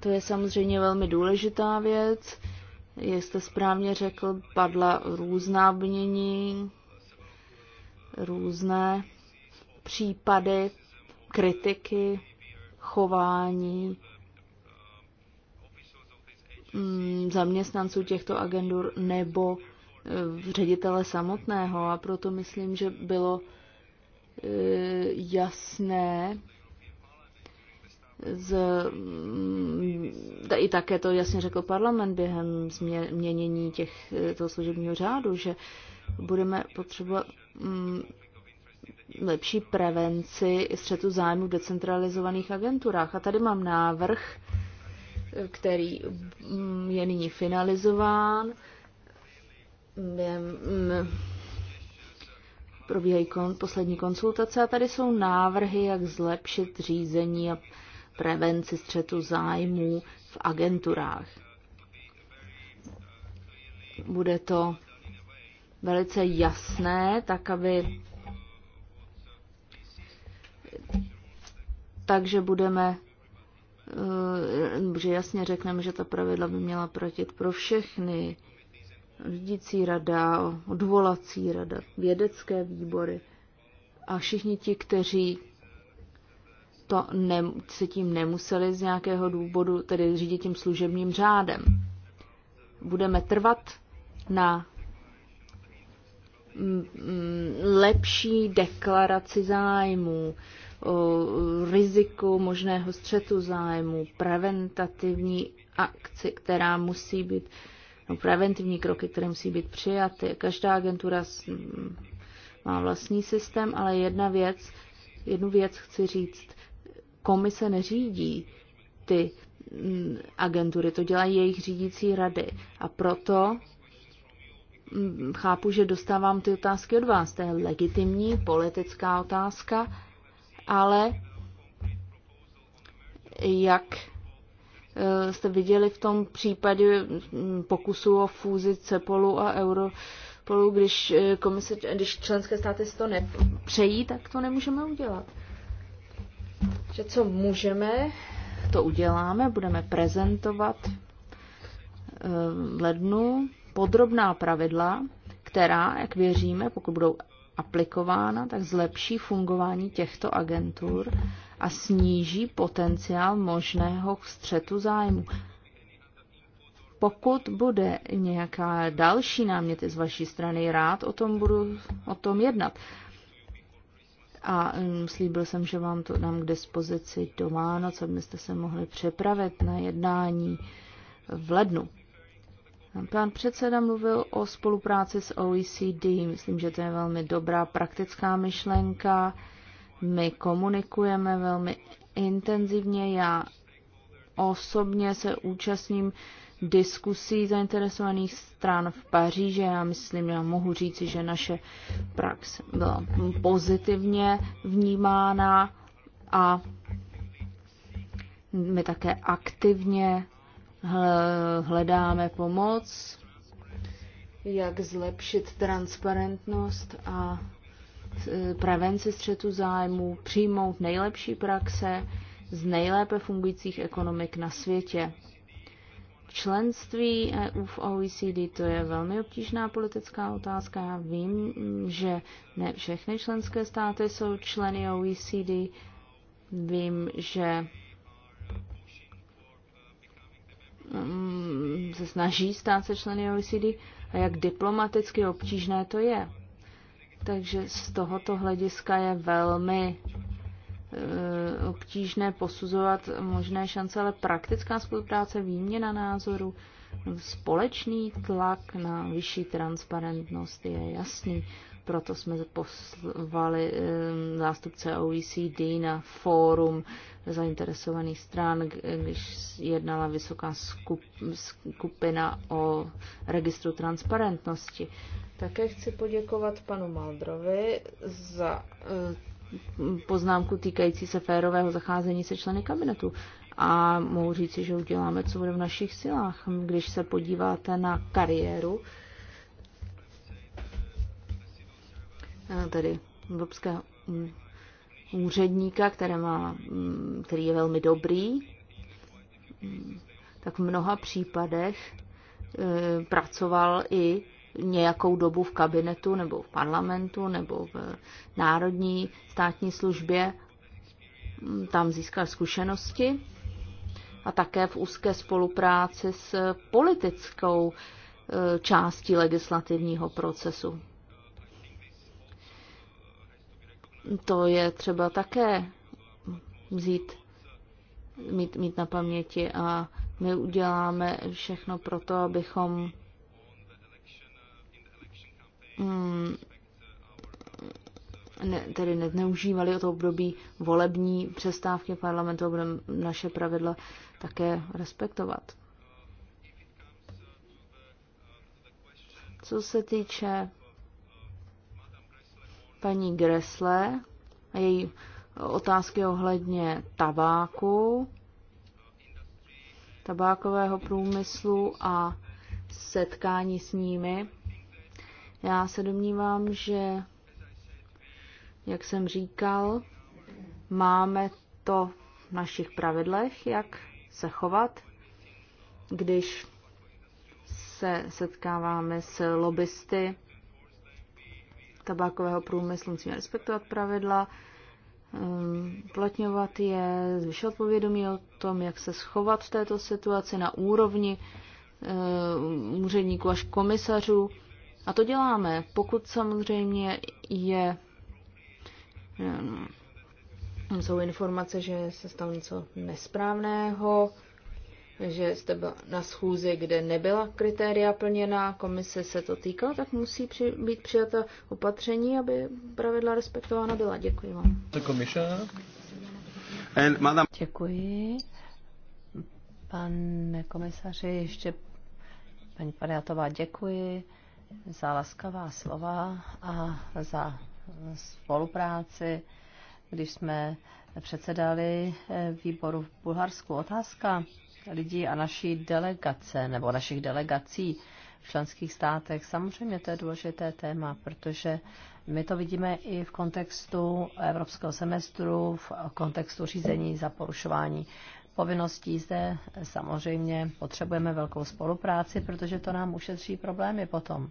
To je samozřejmě velmi důležitá věc. Jak jste správně řekl, padla různá obnění, různé případy kritiky, chování Mm, zaměstnanců těchto agendur nebo eh, ředitele samotného a proto myslím, že bylo eh, jasné z, mm, i také to jasně řekl parlament během změnění těch, eh, toho služebního řádu, že budeme potřebovat mm, lepší prevenci střetu zájmu v decentralizovaných agenturách. A tady mám návrh, který mm, je nyní finalizován. Mm, probíhají kon, poslední konsultace a tady jsou návrhy, jak zlepšit řízení a prevenci střetu zájmů v agenturách. Bude to velice jasné, tak aby takže budeme Eh, že jasně řekneme, že ta pravidla by měla pratit pro všechny. Řídící rada, odvolací rada, vědecké výbory a všichni ti, kteří to ne, se tím nemuseli z nějakého důvodu, tedy řídit tím služebním řádem. Budeme trvat na mm, mm, lepší deklaraci zájmů, riziku možného střetu zájmu, preventativní akci, která musí být, no, preventivní kroky, které musí být přijaty. Každá agentura má vlastní systém, ale jedna věc, jednu věc chci říct, komise neřídí ty mm, agentury, to dělají jejich řídící rady. A proto mm, chápu, že dostávám ty otázky od vás. To je legitimní politická otázka ale jak eh, jste viděli v tom případě mm, pokusu o fúzi Cepolu a Europolu, když, eh, komise, když členské státy si to nepřejí, tak to nemůžeme udělat. Že co můžeme, to uděláme, budeme prezentovat eh, v lednu podrobná pravidla, která, jak věříme, pokud budou aplikována, tak zlepší fungování těchto agentur a sníží potenciál možného střetu zájmu. Pokud bude nějaká další náměty z vaší strany, rád o tom budu o tom jednat. A mm, slíbil jsem, že vám to dám k dispozici do Vánoc, abyste se mohli přepravit na jednání v lednu. Pan předseda mluvil o spolupráci s OECD. Myslím, že to je velmi dobrá praktická myšlenka. My komunikujeme velmi intenzivně. Já osobně se účastním diskusí zainteresovaných stran v Paříži. Já myslím, já mohu říci, že naše praxe byla pozitivně vnímána a my také aktivně hledáme pomoc, jak zlepšit transparentnost a e, prevenci střetu zájmu, přijmout nejlepší praxe z nejlépe fungujících ekonomik na světě. Členství EU v OECD to je velmi obtížná politická otázka. Já vím, že ne všechny členské státy jsou členy OECD. Vím, že Mm, se snaží stát se členy OECD a jak diplomaticky obtížné to je. Takže z tohoto hlediska je velmi eh, obtížné posuzovat možné šance, ale praktická spolupráce, výměna názoru, společný tlak na vyšší transparentnost je jasný. Proto jsme poslali ehm, zástupce OECD na fórum zainteresovaných stran, když jednala vysoká skupina o registru transparentnosti. Také chci poděkovat panu Maldrovi za ehm, poznámku týkající se férového zacházení se členy kabinetu. A mohu říci, že uděláme, co bude v našich silách. Když se podíváte na kariéru, tedy evropského mm, úředníka, které má, mm, který je velmi dobrý, mm, tak v mnoha případech e, pracoval i nějakou dobu v kabinetu nebo v parlamentu nebo v národní státní službě. Tam získal zkušenosti a také v úzké spolupráci s politickou e, částí legislativního procesu. to je třeba také vzít, mít, mít na paměti a my uděláme všechno pro to, abychom mm, ne, tedy nezneužívali o to období volební přestávky parlamentu a budeme naše pravidla také respektovat. Co se týče paní gresle a její otázky ohledně tabáku, tabákového průmyslu a setkání s nimi. Já se domnívám, že, jak jsem říkal, máme to v našich pravidlech, jak se chovat, když se setkáváme s lobbysty tabákového průmyslu. Musíme respektovat pravidla, um, platňovat je, zvyšovat povědomí o tom, jak se schovat v této situaci na úrovni uh, úředníků až komisařů. A to děláme, pokud samozřejmě je um, jsou informace, že se stalo něco nesprávného, že jste byl na schůzi, kde nebyla kritéria plněná, komise se to týká, tak musí při, být přijata opatření, aby pravidla respektována byla. Děkuji vám. Děkuji. Pane komisaři, ještě paní Pariatová, děkuji za laskavá slova a za spolupráci, když jsme předsedali výboru v Bulharsku. Otázka lidí a naší delegace nebo našich delegací v členských státech. Samozřejmě to je důležité téma, protože my to vidíme i v kontextu evropského semestru, v kontextu řízení za porušování povinností. Zde samozřejmě potřebujeme velkou spolupráci, protože to nám ušetří problémy potom.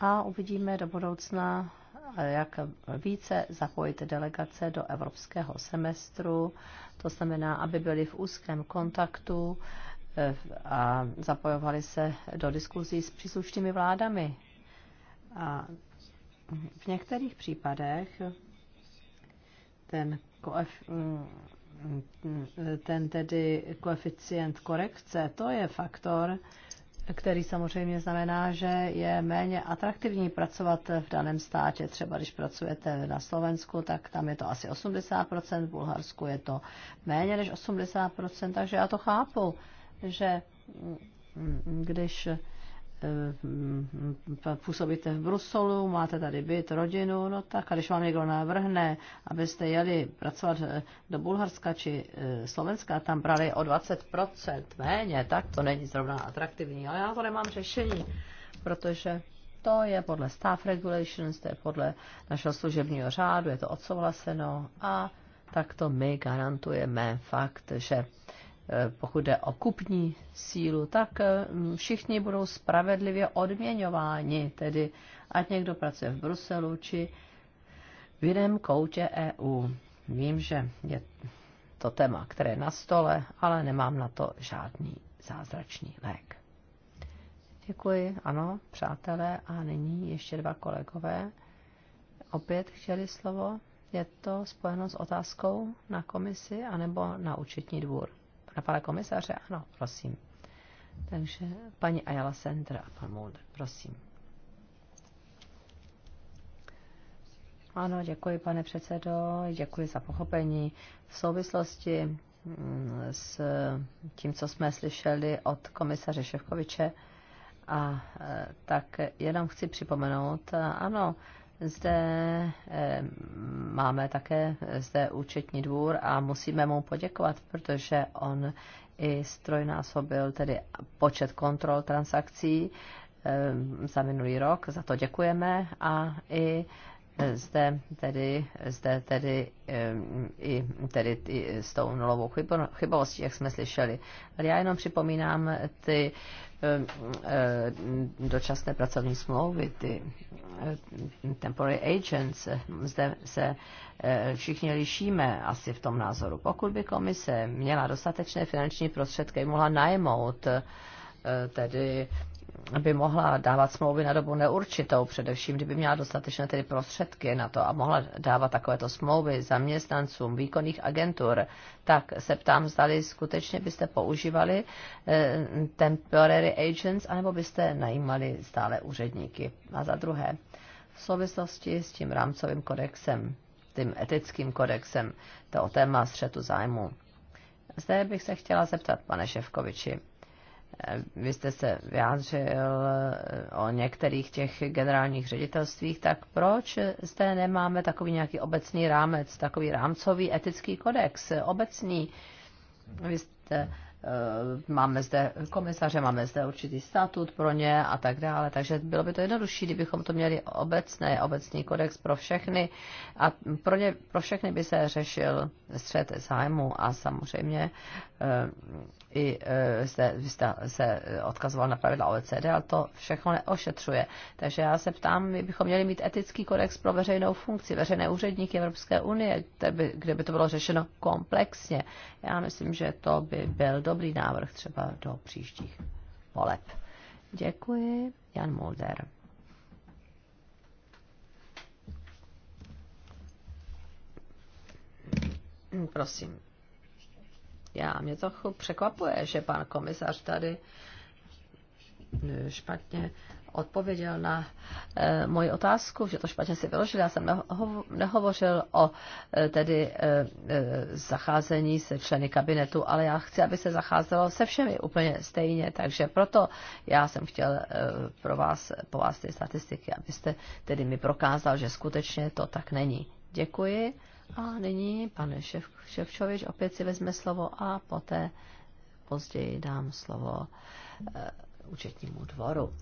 A uvidíme do budoucna, jak více zapojit delegace do evropského semestru, to znamená, aby byli v úzkém kontaktu eh, a zapojovali se do diskuzí s příslušnými vládami. A v některých případech ten, koef, mm, mm, ten tedy koeficient korekce, to je faktor, který samozřejmě znamená, že je méně atraktivní pracovat v daném státě. Třeba když pracujete na Slovensku, tak tam je to asi 80%, v Bulharsku je to méně než 80%, takže já to chápu, že mm, mm, když Eh, působíte v Bruselu, máte tady byt, rodinu, no tak a když vám někdo navrhne, abyste jeli pracovat eh, do Bulharska či eh, Slovenska tam brali o 20% méně, tak to není zrovna atraktivní. Ale já to nemám řešení, protože to je podle staff regulations, to je podle našeho služebního řádu, je to odsouhlaseno a tak to my garantujeme fakt, že pokud jde o kupní sílu, tak eh, všichni budou spravedlivě odměňováni, tedy ať někdo pracuje v Bruselu či v jiném koutě EU. Vím, že je to téma, které je na stole, ale nemám na to žádný zázračný lék. Děkuji, ano, přátelé, a nyní ještě dva kolegové opět chtěli slovo. Je to spojeno s otázkou na komisi anebo na účetní dvůr? Na pane komisaře? Ano, prosím. Takže paní Ayala Center a pan Mulder, prosím. Ano, děkuji, pane předsedo, děkuji za pochopení. V souvislosti mm, s tím, co jsme slyšeli od komisaře Ševkoviče, a e, tak jenom chci připomenout, ano, zde eh, máme také zde účetní dvůr a musíme mu poděkovat, protože on i strojnásobil tedy počet kontrol transakcí eh, za minulý rok, za to děkujeme a i zde tedy, zde tedy i tedy i s tou nulovou chybovostí, jak jsme slyšeli. Ale já jenom připomínám ty eh, dočasné pracovní smlouvy, ty eh, temporary agents, zde se eh, všichni lišíme asi v tom názoru. Pokud by komise měla dostatečné finanční prostředky, mohla najmout tedy aby mohla dávat smlouvy na dobu neurčitou, především kdyby měla dostatečné tedy prostředky na to a mohla dávat takovéto smlouvy zaměstnancům výkonných agentur, tak se ptám, zdali skutečně byste používali eh, temporary agents, anebo byste najímali stále úředníky. A za druhé, v souvislosti s tím rámcovým kodexem, tím etickým kodexem, to o téma střetu zájmu. Zde bych se chtěla zeptat, pane Ševkoviči, Eh, vy jste se vyjádřil eh, o některých těch generálních ředitelstvích, tak proč zde nemáme takový nějaký obecný rámec, takový rámcový etický kodex, obecný? Vy jste Eh, máme zde komisaře, máme zde určitý statut pro ně a tak dále. Takže bylo by to jednodušší, kdybychom to měli obecné, obecný kodex pro všechny a pro, ně, pro všechny by se řešil střed zájmu a samozřejmě eh, i eh, zde se odkazoval na pravidla OECD, ale to všechno neošetřuje. Takže já se ptám, my bychom měli mít etický kodex pro veřejnou funkci, veřejné úředníky Evropské unie, kde by, kde by to bylo řešeno komplexně. Já myslím, že to by byl dobrý návrh třeba do příštích voleb. Děkuji, Jan Mulder. Prosím. Já mě to překvapuje, že pan komisař tady špatně odpověděl na e, moji otázku, že to špatně si vyložil. Já jsem neho, nehovořil o e, tedy e, zacházení se členy kabinetu, ale já chci, aby se zacházelo se všemi úplně stejně, takže proto já jsem chtěl e, pro vás, po vás ty statistiky, abyste tedy mi prokázal, že skutečně to tak není. Děkuji. A nyní pan Šef- Ševčovič opět si vezme slovo a poté později dám slovo e, účetnímu dvoru.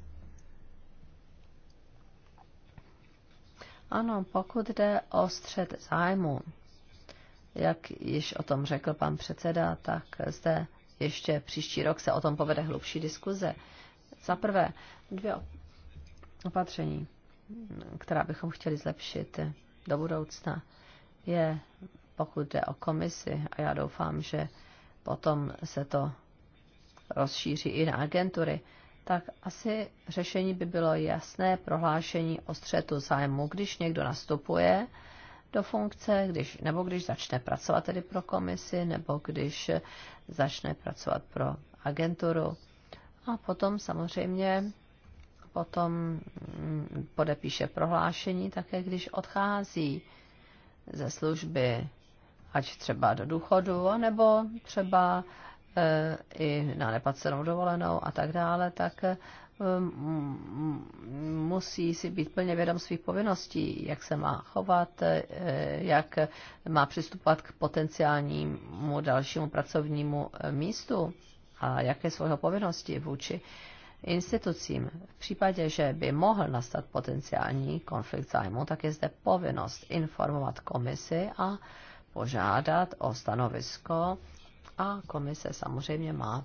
Ano, pokud jde o střed zájmu, jak již o tom řekl pan předseda, tak zde ještě příští rok se o tom povede hlubší diskuze. Za prvé, dvě opatření, která bychom chtěli zlepšit do budoucna, je, pokud jde o komisi, a já doufám, že potom se to rozšíří i na agentury, tak asi řešení by bylo jasné prohlášení o střetu zájmu, když někdo nastupuje do funkce, když, nebo když začne pracovat tedy pro komisi, nebo když začne pracovat pro agenturu. A potom samozřejmě potom mm, podepíše prohlášení také, když odchází ze služby, ať třeba do důchodu, nebo třeba Eh, i na nepacenou dovolenou a tak dále, tak eh, mm, musí si být plně vědom svých povinností, jak se má chovat, eh, jak má přistupovat k potenciálnímu dalšímu pracovnímu místu a jaké jeho povinnosti vůči institucím. V případě, že by mohl nastat potenciální konflikt zájmu, tak je zde povinnost informovat komisi a požádat o stanovisko a komise samozřejmě má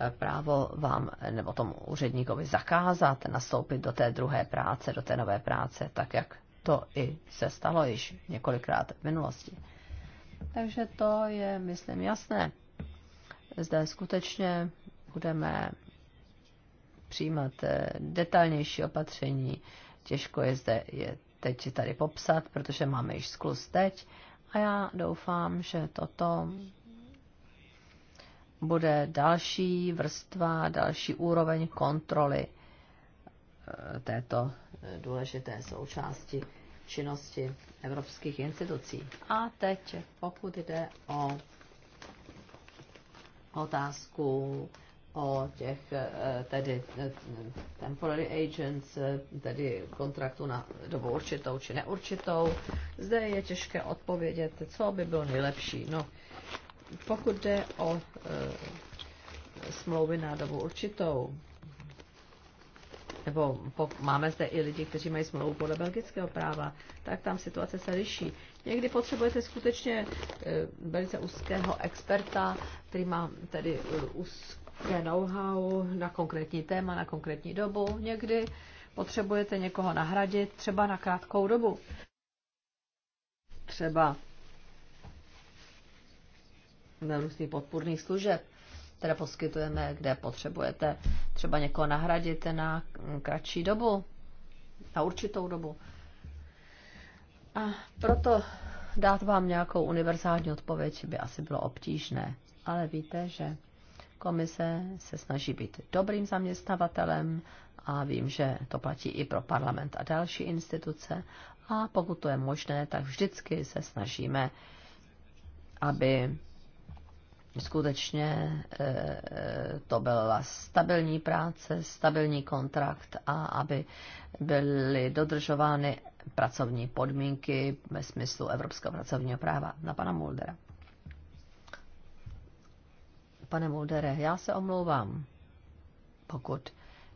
eh, právo vám nebo tomu úředníkovi zakázat nastoupit do té druhé práce, do té nové práce, tak jak to i se stalo již několikrát v minulosti. Takže to je, myslím, jasné. Zde skutečně budeme přijímat eh, detailnější opatření. Těžko je zde je teď tady popsat, protože máme již sklus teď. A já doufám, že toto bude další vrstva, další úroveň kontroly e, této e, důležité součásti činnosti evropských institucí. A teď, pokud jde o otázku o těch e, tedy temporary agents, tedy kontraktu na dobu určitou či neurčitou. Zde je těžké odpovědět, co by bylo nejlepší. No, pokud jde o eh, smlouvy na dobu určitou, nebo po, máme zde i lidi, kteří mají smlouvu podle belgického práva, tak tam situace se liší. Někdy potřebujete skutečně e, velice úzkého experta, který má tedy eh, úzké know-how na konkrétní téma, na konkrétní dobu. Někdy potřebujete někoho nahradit třeba na krátkou dobu. Třeba různých podpůrných služeb, které poskytujeme, kde potřebujete třeba někoho nahradit na kratší dobu, na určitou dobu. A proto dát vám nějakou univerzální odpověď by asi bylo obtížné. Ale víte, že komise se snaží být dobrým zaměstnavatelem a vím, že to platí i pro parlament a další instituce. A pokud to je možné, tak vždycky se snažíme, aby skutečně eh, eh, to byla stabilní práce, stabilní kontrakt a aby byly dodržovány pracovní podmínky ve smyslu evropského pracovního práva na pana Muldera. Pane Muldere, já se omlouvám, pokud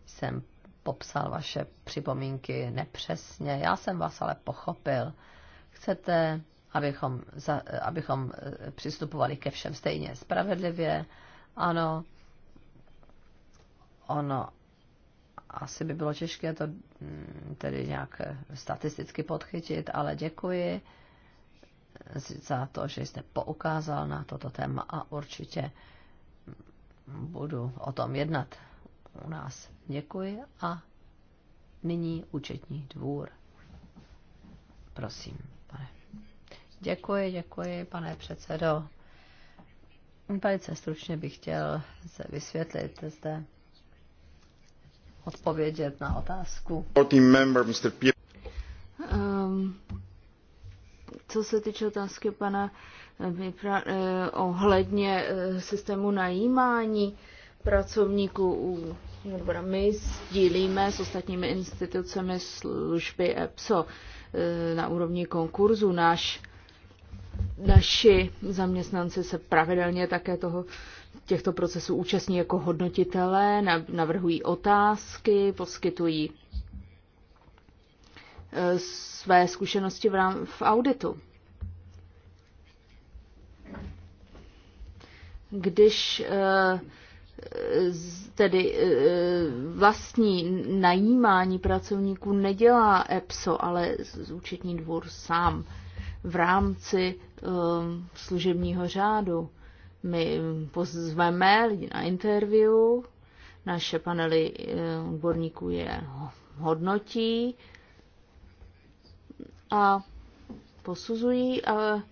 jsem popsal vaše připomínky nepřesně. Já jsem vás ale pochopil. Chcete abychom, za, abychom eh, přistupovali ke všem stejně spravedlivě. Ano, ono asi by bylo těžké to mm, tedy nějak eh, statisticky podchytit, ale děkuji za to, že jste poukázal na toto téma a určitě budu o tom jednat u nás. Děkuji a nyní účetní dvůr. Prosím. Děkuji, děkuji, pane předsedo. Velice stručně bych chtěl se vysvětlit zde odpovědět na otázku. Um, co se týče otázky pana eh, Vypra, eh, ohledně eh, systému najímání pracovníků, dobra, my sdílíme s ostatními institucemi služby EPSO eh, na úrovni konkurzu. Náš Naši zaměstnanci se pravidelně také toho, těchto procesů účastní jako hodnotitelé, navrhují otázky, poskytují e, své zkušenosti v, rám, v auditu. Když e, tedy e, vlastní najímání pracovníků nedělá EPSO, ale účetní dvůr sám v rámci uh, služebního řádu. My pozveme lidi na interview, naše panely eh, odborníků je hodnotí a posuzují, ale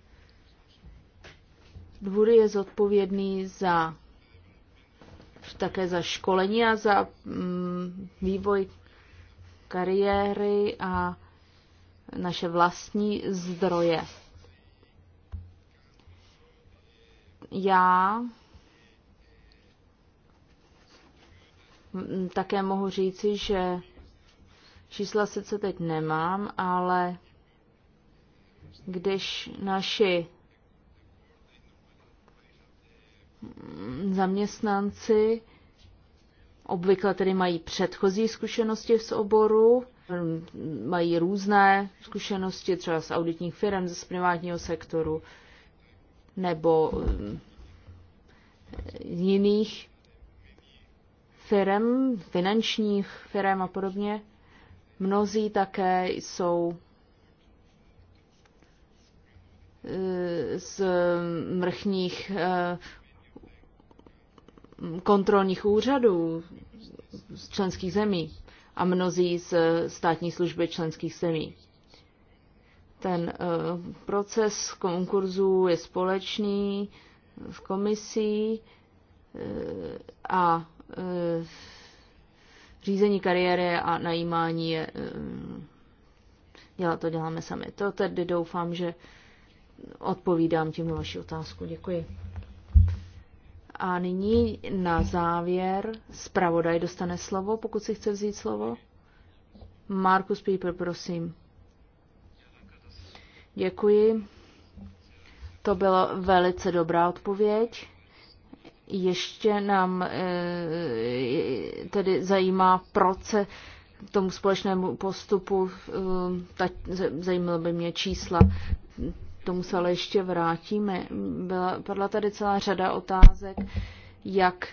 dvůr je zodpovědný za také za školení a za mm, vývoj kariéry a naše vlastní zdroje. Já také mohu říci, že čísla sice teď nemám, ale když naši zaměstnanci obvykle tedy mají předchozí zkušenosti z oboru, Mm, mají různé zkušenosti, třeba z auditních firm, z privátního sektoru nebo mm, jiných firm, finančních firm a podobně. Mnozí také jsou eh, z mrchních eh, kontrolních úřadů z členských zemí a mnozí z státní služby členských zemí. Ten eh, proces konkurzu je společný v komisí eh, a eh, řízení kariéry a najímání je, dělá, to děláme sami. To tedy doufám, že odpovídám tím na vaši otázku. Děkuji. A nyní na závěr zpravodaj dostane slovo, pokud si chce vzít slovo. Markus Pieper, prosím. Děkuji. To byla velice dobrá odpověď. Ještě nám eh, tedy zajímá proce tomu společnému postupu, eh, zajímalo by mě čísla tomu se ale ještě vrátíme. Byla, padla tady celá řada otázek, jak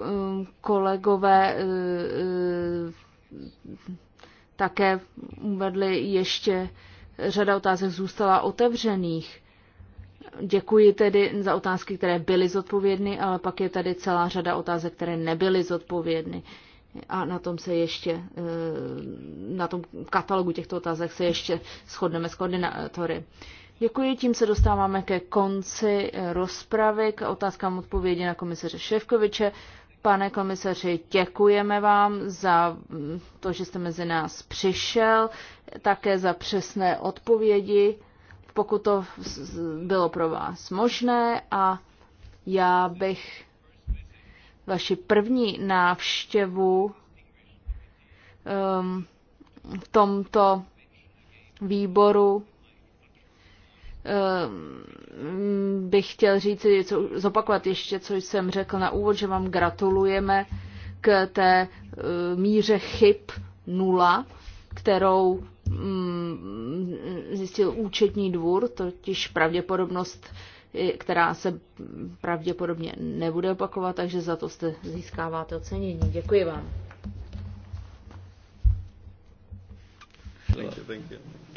um, kolegové uh, uh, také uvedli ještě řada otázek zůstala otevřených. Děkuji tedy za otázky, které byly zodpovědny, ale pak je tady celá řada otázek, které nebyly zodpovědny. A na tom se ještě, eh, na tom katalogu těchto otázek se ještě shodneme s koordinátory. Děkuji, tím se dostáváme ke konci eh, rozpravy, k otázkám odpovědi na komisaře Ševkoviče. Pane komisaři, děkujeme vám za mm, to, že jste mezi nás přišel, také za přesné odpovědi, pokud to bylo pro vás možné a já bych vaši první návštěvu um, v tomto výboru Ehm, bych chtěl říct, co, zopakovat ještě, co jsem řekl na úvod, že vám gratulujeme k té eh, míře chyb nula, kterou mm, zjistil účetní dvůr, totiž pravděpodobnost, eh, která se pravděpodobně nebude opakovat, takže za to jste získáváte ocenění. Děkuji vám. Thank you, thank you.